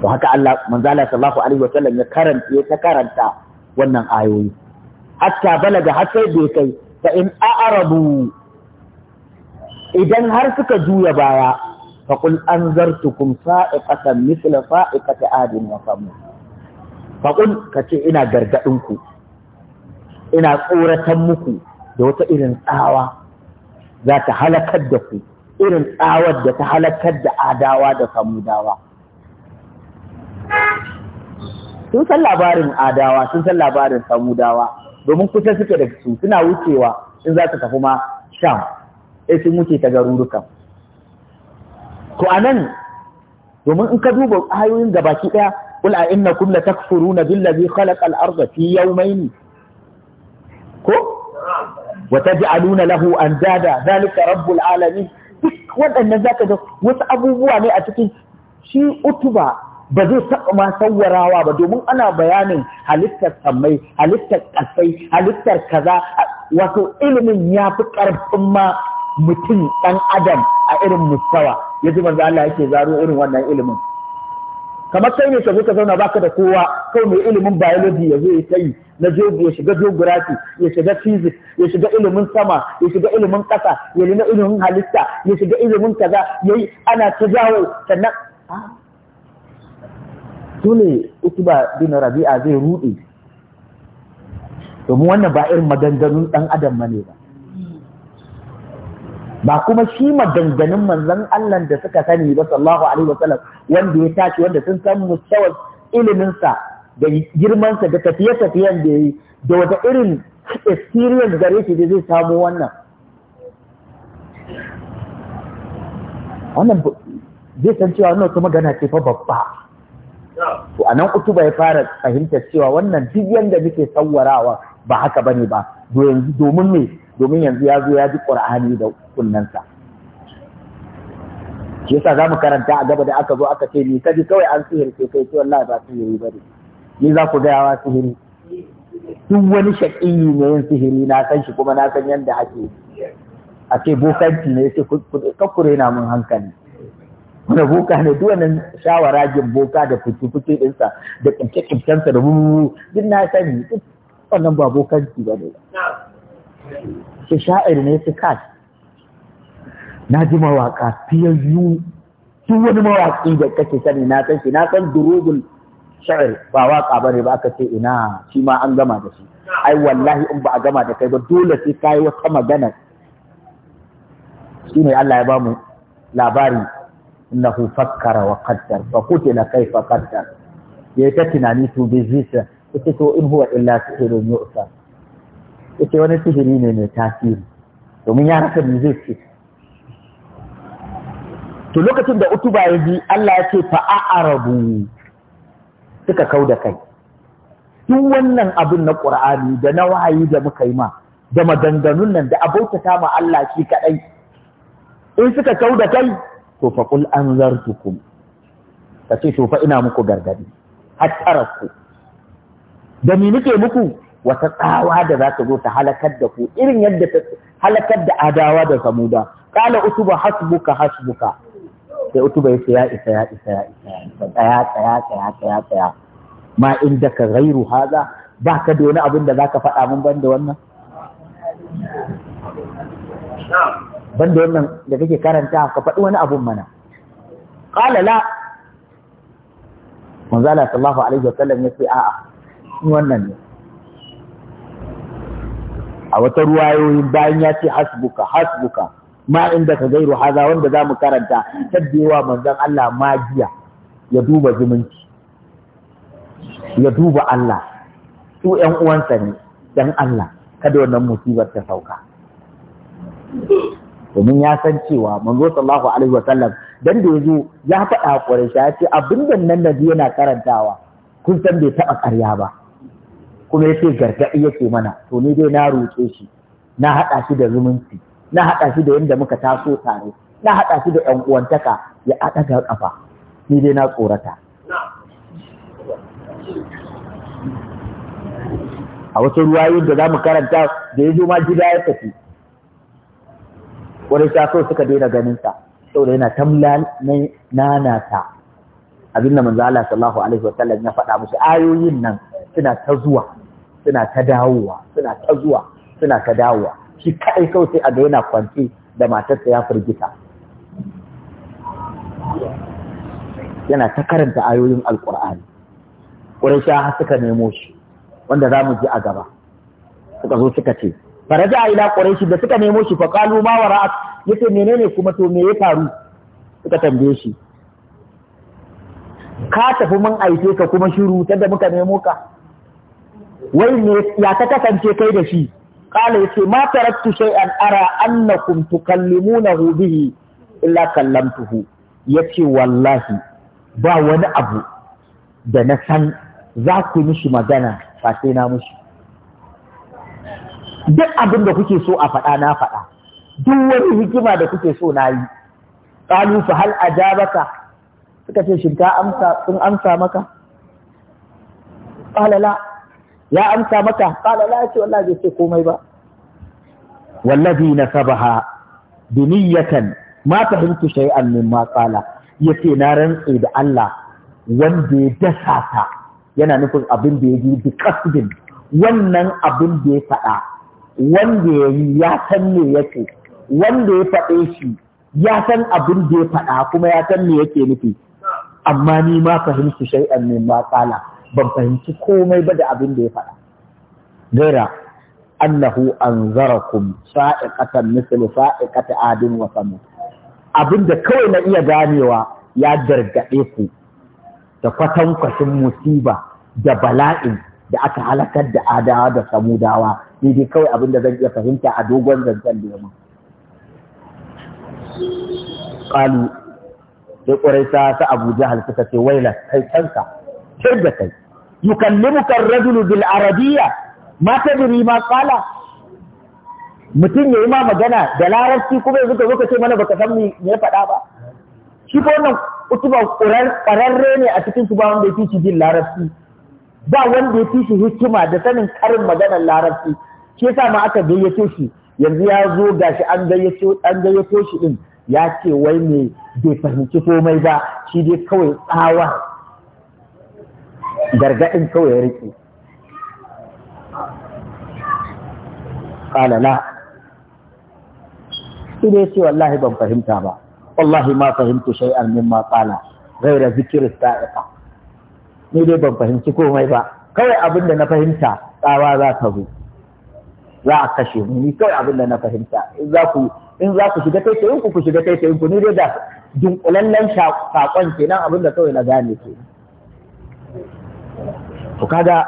to haka Allah manzala sallallahu alaihi wa sallam ya karanta ya karanta wannan ayoyi hatta balaga har sai bai kai fa in a'rabu idan har suka juya baya فقل أنذرتكم فائقة مثل فائقة عاد وثمود فقل كتي إنا غرغدنكو إنا قورة da دوت irin tsawa ذات da ku irin tsawar da ta halakar da sun san labarin adawa sun san labarin samudawa domin kusa suke da su suna wucewa in za su tafi ma sham sai sun wuce ta garurukan to anan domin in ka duba ayoyin gabaki daya qul a innakum latakfuruna billazi khalaqa al-ardha fi yawmayn ko wa aluna lahu andada zalika rabbul alamin duk waɗannan zaka ga wasu abubuwa ne a cikin shi utuba ba zai taɓa ma sawarawa ba domin ana bayanin halittar sammai halittar ƙasai halittar kaza wato ilimin ya fi ƙarfin ma mutum ɗan adam a irin mustawa ya ji manzo Allah yake zaro irin wannan ilimin kamar kai ne ka zo ka zauna baka da kowa kawai mai ilimin biology ya zo ya kai na jogo ya shiga geography ya shiga physics ya shiga ilimin sama ya shiga ilimin ƙasa ya na ilimin halitta ya shiga ilimin kaza yayi ana ta jawo sannan dole ah, utuba bin rabi'a zai rude domin wannan ba irin maganganun dan adam ne ba ba kuma shi maganganun manzan Allah da suka sani ba sallallahu alaihi wasallam wanda ya tashi wanda sun san mustawar iliminsa da girmansa da tafiye-tafiyen da yi da wata irin experience gare shi da zai samu wannan wannan zai san cewa wannan kuma magana ce fa babba to anan kutuba ya fara fahimtar cewa wannan duk yanda muke sawwarawa ba haka bane ba domin me domin yanzu ya zo ya ji ƙur'ani da kunnansa shi yasa za mu karanta a gaba da aka zo aka ce ni ka ji kawai an sihirce kai tuwon wallahi ba sihiri ba ne ni za ku gaya wa sihiri duk wani shaƙiyi ne yin sihiri na san shi kuma na san yadda ake a ce bokanci ne ce kakure na mun hankali wani boka ne duk wani shawara jin boka da fice-fice ɗinsa da ƙirƙe-ƙirƙensa da ruru duk na sani duk wannan ba bokanci ba ne su sha'ir ne su kas na ji mawaƙa fiyayyu su wani mawaƙi da kake sani na san shi na san durugun sha'ir ba waƙa ba ne ba aka ce ina shi ma an gama da shi ai wallahi in ba a gama da kai ba dole sai ka yi wata magana shi ne Allah ya ba mu labari innahu fakkara wa qaddar fa qutila kaifa qaddar yayi ta tunani to bi zisa ita to in huwa illa sihirun yu'sar yace wani sihiri ne mai tasiri domin ya rasa me zai ce to lokacin da utuba ya ji Allah ya ce fa a'rabu suka kau da kai duk wannan abin na Qur'ani da na wahayi da muka yi ma da madanganun nan da ta ma Allah shi kadai in suka kau da kai to fa qul anzartukum ce to fa ina muku gargadi hattaraku da ni nake muku wata tsawa da za ta zo ta halakar da ku irin yadda ta halakar da adawa da samuda kala utuba hasbuka hasbuka sai utuba yace ya isa ya isa ya isa ya isa tsaya tsaya tsaya tsaya tsaya ma inda ka gairu haza ba ka da wani abin da za ka faɗa mun ban da wannan ban da wannan da kake karanta ka faɗi wani abin mana qala la manzala sallallahu alaihi wa sallam ya yace a'a wannan ne a wata ruwayoyin bayan ya ce hasbuka hasbuka ma inda ka gairu haza wanda za mu karanta tabbewa manzon Allah magiya ya duba zumunci ya duba Allah su ‘yan uwansa ne don Allah kada wannan musibar ta sauka domin ya san cewa manzo sallallahu alaihi wa sallam dan da yazo ya faɗa Quraysh ya ce abin da nan da yana karantawa kun san bai taɓa ƙarya ba kuma ya ce gargaɗi yake mana to ni dai na roƙe shi na haɗa shi da zumunci na haɗa shi da yadda muka taso tare na haɗa shi da uwantaka ya ɗaga ƙafa ni dai na tsorata a wasu ruwayoyin da za mu karanta da ya zo ma gida ya tafi wani so suka daina ganin sa saboda yana tamla nana ta abin da manzo Allah sallallahu alaihi wa sallam ya faɗa musu ayoyin nan suna ta zuwa suna ta dawowa suna ta zuwa suna ta dawowa shi kaɗai kawai sai a ga yana kwance da matarsa ya firgita yana ta karanta ayoyin alkur'ani ƙuraisha suka nemo shi wanda za mu ji a gaba suka zo suka ce faraja ila shi da suka nemo shi ma qalu ma ya ce menene kuma to me ya faru suka tambaye shi ka tafi mun aike ka kuma shiru tada muka nemo ka wai ne ya ta kasance kai da shi qala yace ma taraktu shay'an ara annakum tukallimunahu bihi illa kallamtuhu yace wallahi ba wani abu da na san za ku mishi magana ba sai na mishi duk abin da kuke so a faɗa na faɗa duk wani hikima da kuke so na yi qalu fa hal ajabaka suka ce shin ka amsa sun amsa maka qala ya amsa maka kala la ce wallahi bai ce komai ba wallazi nasabaha duniyatan ma fahimtu shay'an ma qala yace na rantsi da Allah wanda ya dasa ta yana nufin abin da ya yi bi kasbin wannan abin da ya faɗa wanda ya yi ya san me yake wanda ya faɗe shi ya san abin da ya faɗa kuma ya san me yake nufi amma ni ma fahimci shay'an ma qala ban fahimci komai ba da abin da ya faɗa gaira annahu anzarakum sa'iqatan mislu sa'iqati adin wasan abin da kawai na iya ganewa ya gargaɗe ku da kwatankwashin musiba da bala'in da aka halakar da adawa da samudawa ni dai kawai abin da zan iya fahimta a dogon zancen da yamma ƙalu sai ƙwarai ta abu jahal suka ce Wailas, kai kanka kai da kai yukallimuka ar-rajulu bil arabiyya ma tadri ma qala mutum yayi ma magana da larabci kuma yanzu ka zo mana baka san me ya faɗa ba shi ko wannan utuba ƙwararre ne a cikin su ba wanda ya fi shi jin larabci ba wanda ya fi hikima da sanin karin maganar larabci shi yasa ma aka gayyato shi yanzu ya zo gashi an gayyato an gayyato shi din ya ce wai me bai fahimci komai ba shi dai kawai tsawa gargadin kawai ya riƙe ƙala la shi ne ce wallahi ban fahimta ba wallahi ma fahimtu min ma qala gaira zikir sa'iqa ni dai ban fahimci komai ba kawai abin da na fahimta tsawa za ta zo za a kashe mu ni kawai abin da na fahimta in za ku in za ku shiga taitayin ku ku shiga taitayin ku ni dai da dunkulallen sakon kenan abin da kawai na gane kenan to kaga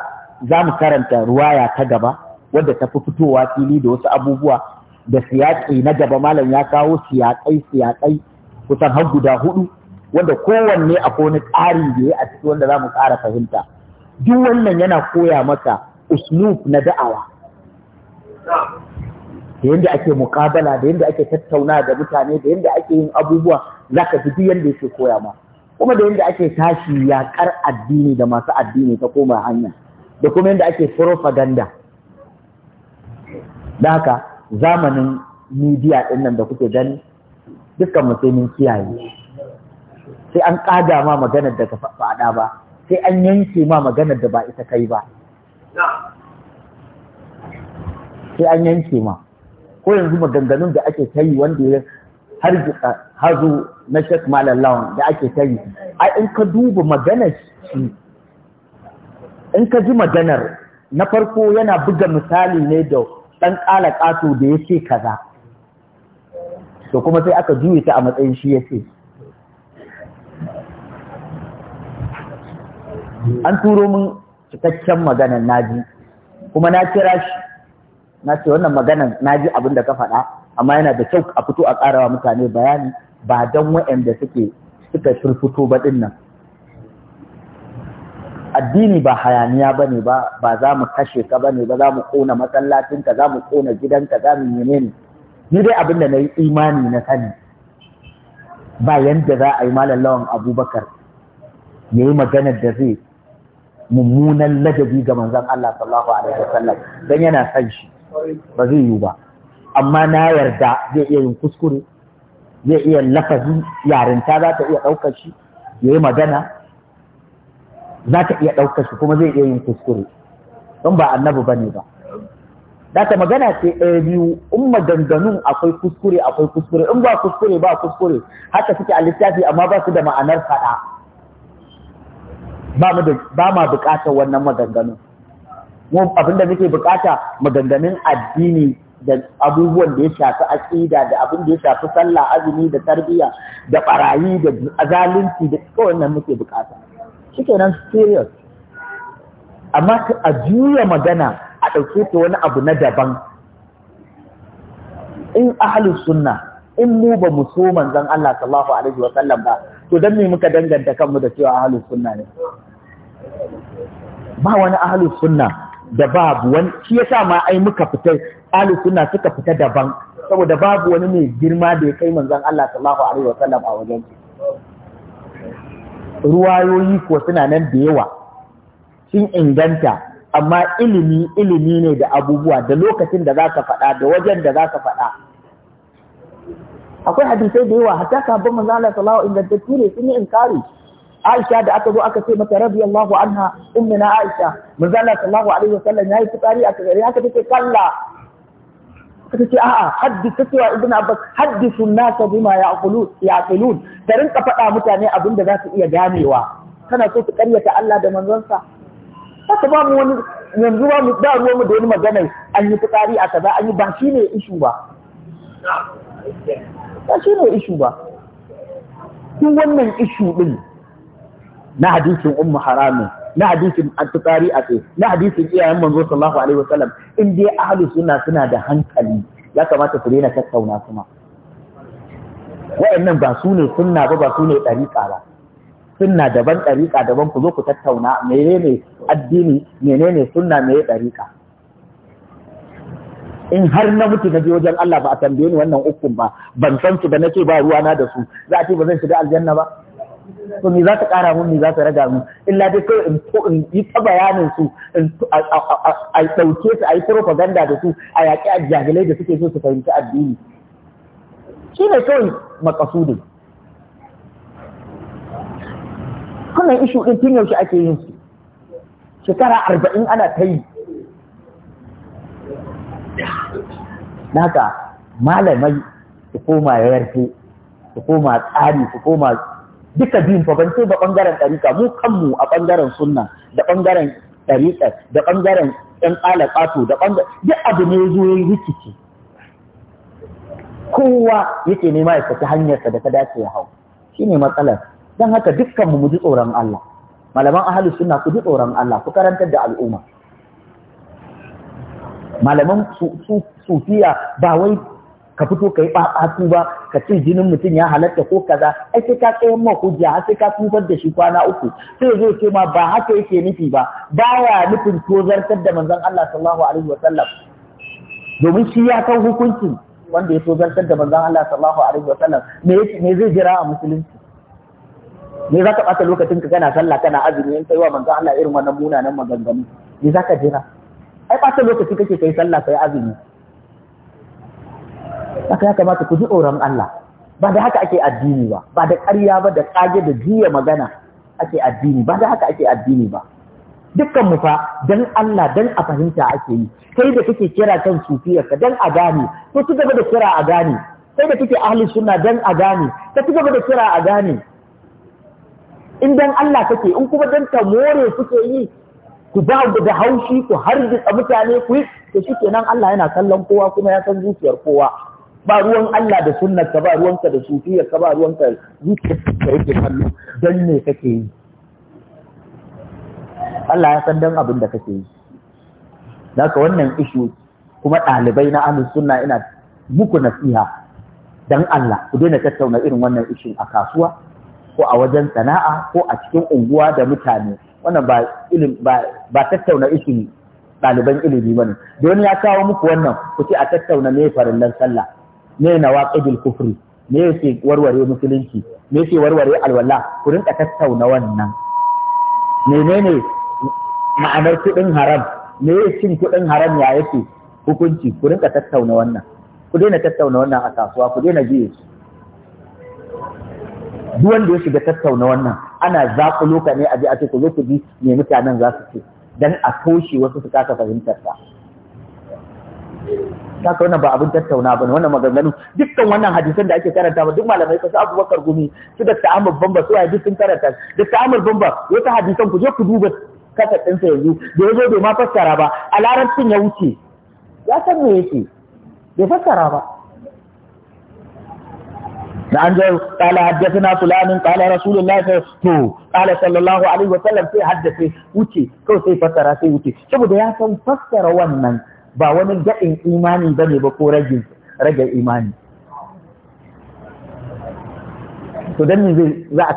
za mu karanta ruwaya ta gaba wadda ta fi fitowa fili da wasu abubuwa da siyaƙi na gaba malam ya kawo siyaƙai siyaƙai kusan har guda hudu wanda kowanne a wani tsari da ya a ciki wanda za mu ƙara fahimta duk wannan yana koya maka usnuf na da'awa da yadda ake mukabala, da yadda ake tattauna da mutane da yadda ake yin abubuwa za ka duk yadda yake koya ma kuma da yadda ake tashi yakar addini da masu addini ta koma hanya da kuma yadda ake propaganda da haka zamanin midiya ɗin nan da kuke gani dukkan mu sai mun kiyaye sai an kada ma maganar da ta faɗa ba sai an yanke ma maganar da ba ita kai ba sai an yanke ma ko yanzu maganganun da ake kai wanda ya hargitsa Hazo na shek malallawan da ake ta ai in ka duba maganar shi in ka ji maganar na farko yana buga misali ne da ɗan ƙala ƙato da ya ce kaza to kuma sai aka juye ta a matsayin shi ya ce an turo min cikakken maganar naji kuma na kira shi na ce wannan maganar naji abin da ka faɗa amma yana da kyau a fito a ƙarawa mutane bayani ba don waɗanda suke suka firfito ba ɗin nan addini ba hayaniya ba ne ba ba za mu kashe ka ba ne ba za mu ƙona masallacinka za mu ƙona gidanka za mu yi ne ni dai abin da na yi imani na sani ba yadda za a yi malallawan abubakar ya yi maganar da zai mummunan ladabi ga manzon Allah sallallahu alaihi yana san shi ba zai yi ba amma na yarda zai iya yin kuskure zai iya lafazi yarinta za ta iya ɗaukar shi ya yi magana za ta iya ɗaukar shi kuma zai iya yin kuskure don ba annabi ba ne ba ta magana ce ɗaya biyu in maganganun akwai kuskure akwai kuskure in ba kuskure ba kuskure haka suke a littafi amma ba su da ma'anar faɗa ba ma buƙatar wannan maganganun abinda muke buƙata maganganun addini da abubuwan da ya shafi aƙida da abin da ya shafi sallah azumi da tarbiyya da barayi da zalunci da kawai nan muke bukata nan serious amma a juya magana a ɗauke ta wani abu na daban in ahlus sunna in mu ba mu so manzon Allah sallallahu alaihi wa sallam ba to dan me muka danganta kanmu da cewa ahlus sunna ne ba wani ahlus sunna da babu wani shi yasa ma ai muka fitar ahli sunna suka fita daban saboda babu wani mai girma da ya kai manzon Allah sallallahu alaihi wa sallam a wajen ruwayoyi ko suna nan da yawa sun inganta amma ilimi ilimi ne da abubuwa da lokacin da za ka faɗa da wajen da za ka faɗa akwai hadisai da yawa hatta sabon manzon Allah sallallahu alaihi ingantattu ne sun yi inkari Aisha da aka zo aka ce mata radiyallahu anha ummina Aisha manzon Allah sallallahu alaihi wasallam yayi fitari aka gari haka ce kalla suka ce a'a haddisa cewa ibn abbas haddisu nasa bima yaqulun ta rinka faɗa mutane abin da za su iya ganewa kana so su karyata Allah da manzonsa haka ba mu wani yanzu ba mu da mu da wani magana an yi fitari a kaza an yi ba ne ishu ba ba ne ishu ba duk wannan ishu din na hadisin ummu haramin na hadisin at-tsari a ce na hadisin iyayen manzo sallallahu alaihi wasallam in dai ahli sunna suna da hankali ya kamata su daina tattauna kuma wayannan ba su ne sunna ba ba su ne dariqa ba sunna daban dariqa daban ku zo ku tattauna menene addini menene sunna menene dariqa in har na mutu na je wajen Allah ba a tambaye ni wannan ukun ba ban san su ba nake ba ruwana da su za a ce ba zan shiga aljanna ba to me za ta ƙara mun me za ta raga mun illa dai kai in to in yi ta bayanin su a ɗauke su a yi propaganda da su a yaƙi a da suke so su fahimci addini shi ne kawai makasudin kuma ishu din tun yaushe ake yin su shekara arba'in ana ta yi naka malamai su koma yarfe su koma tsari su koma duka biyun fa ban ce ba bangaren ɗarika mu kanmu a bangaren sunna da bangaren ɗarika da bangaren ɗan ƙato da bangaren duk abu ne zo ya rikici kowa yake nema ya saki hanyarsa da ta dace ya hau Shi ne matsalar don haka dukkanmu mu ji tsoron Allah malaman ahli sunna ku ji tsoron Allah ku karantar da al'umma malaman sufiya ba wai ka fito ka yi ɓaɓatu ba ka ce jinin mutum ya halatta ko kaza ai sai ka tsayan ma hujja har sai ka tubar da shi kwana uku sai zai ce ma ba haka yake nufi ba baya nufin tozartar da manzon Allah sallallahu alaihi wa sallam domin shi ya kan hukuncin wanda ya tozartar da manzon Allah sallallahu alaihi wa sallam me me zai jira a musulunci me za ka ɓata lokacin ka kana sallah kana azumi in kai wa manzon Allah irin wannan munanan maganganu me za ka jira ai ɓata lokacin kake kai sallah kai azumi haka ya kamata ku ji tsoron Allah ba da haka ake addini ba ba da ƙarya ba da ƙage da jiya magana ake addini ba da haka ake addini ba dukkan mu fa dan Allah dan a fahimta ake yi kai da kake kira kan sufiyar ka dan a gane ko su gaba da kira a gane kai da kake ahli sunna dan a gane ka su gaba da kira a gane in dan Allah kake in kuma dan ta more kuke yi ku ba da haushi ku hargitsa mutane ku yi to shikenan Allah yana kallon kowa kuma ya san zuciyar kowa ba ruwan Allah da ka ba ruwanka da ka ba ruwanka zuciyarka yake kallo don me kake yi Allah ya san dan abin da kake yi naka wannan ishu kuma ɗalibai na ahlus sunna ina muku nasiha don Allah ku daina tattauna irin wannan ishin a kasuwa ko a wajen sana'a ko a cikin unguwa da mutane wannan ba ilim ba ba tattauna ishin ɗaliban ilimi bane don ya kawo muku wannan ku ce a tattauna ne farillan sallah me na waqidul kufri me yake warware musulunci me yake warware alwala ku rinka tattauna wannan menene ma'anar kuɗin haram me yake cin kuɗin haram ya yake hukunci ku rinka tattauna wannan ku daina tattauna wannan a kasuwa ku daina biye su duk wanda ya shiga tattauna wannan ana zaƙulo lokaci ne a je a ce ku zo ku bi me mutanen za su ce dan a toshe wasu su kasa fahimtar ta ta ka wannan ba abin tattauna ba ne wannan maganganu dukkan wannan hadisan da ake karanta ba duk malamai su abubakar gumi su da ta'amur bamba su duk sun karanta da ta'amur bamba wata hadisan ku je ku duba kasa ɗinsa yanzu da ya zo bai ma fassara ba a larabcin ya wuce ya san me yake bai fassara ba da an zo kala na fulanin kala rasulun lafiya to kala sallallahu alaihi wa sallam sai haddasa wuce kawai sai fassara sai wuce saboda ya san fassara wannan ba wani daɗin imani ba ne ba ko rage imani to don ne za a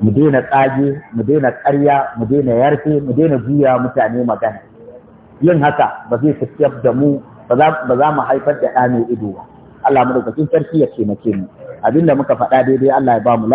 mu daina tsage mu daina ƙarya mu daina yarfe mu daina juya mutane magana yin haka ba zai tafiyar da mu ba za mu haifar da ɗa mai ido ba Allah mu sarki ya taimake mu abinda muka faɗa daidai Allah ya ba mu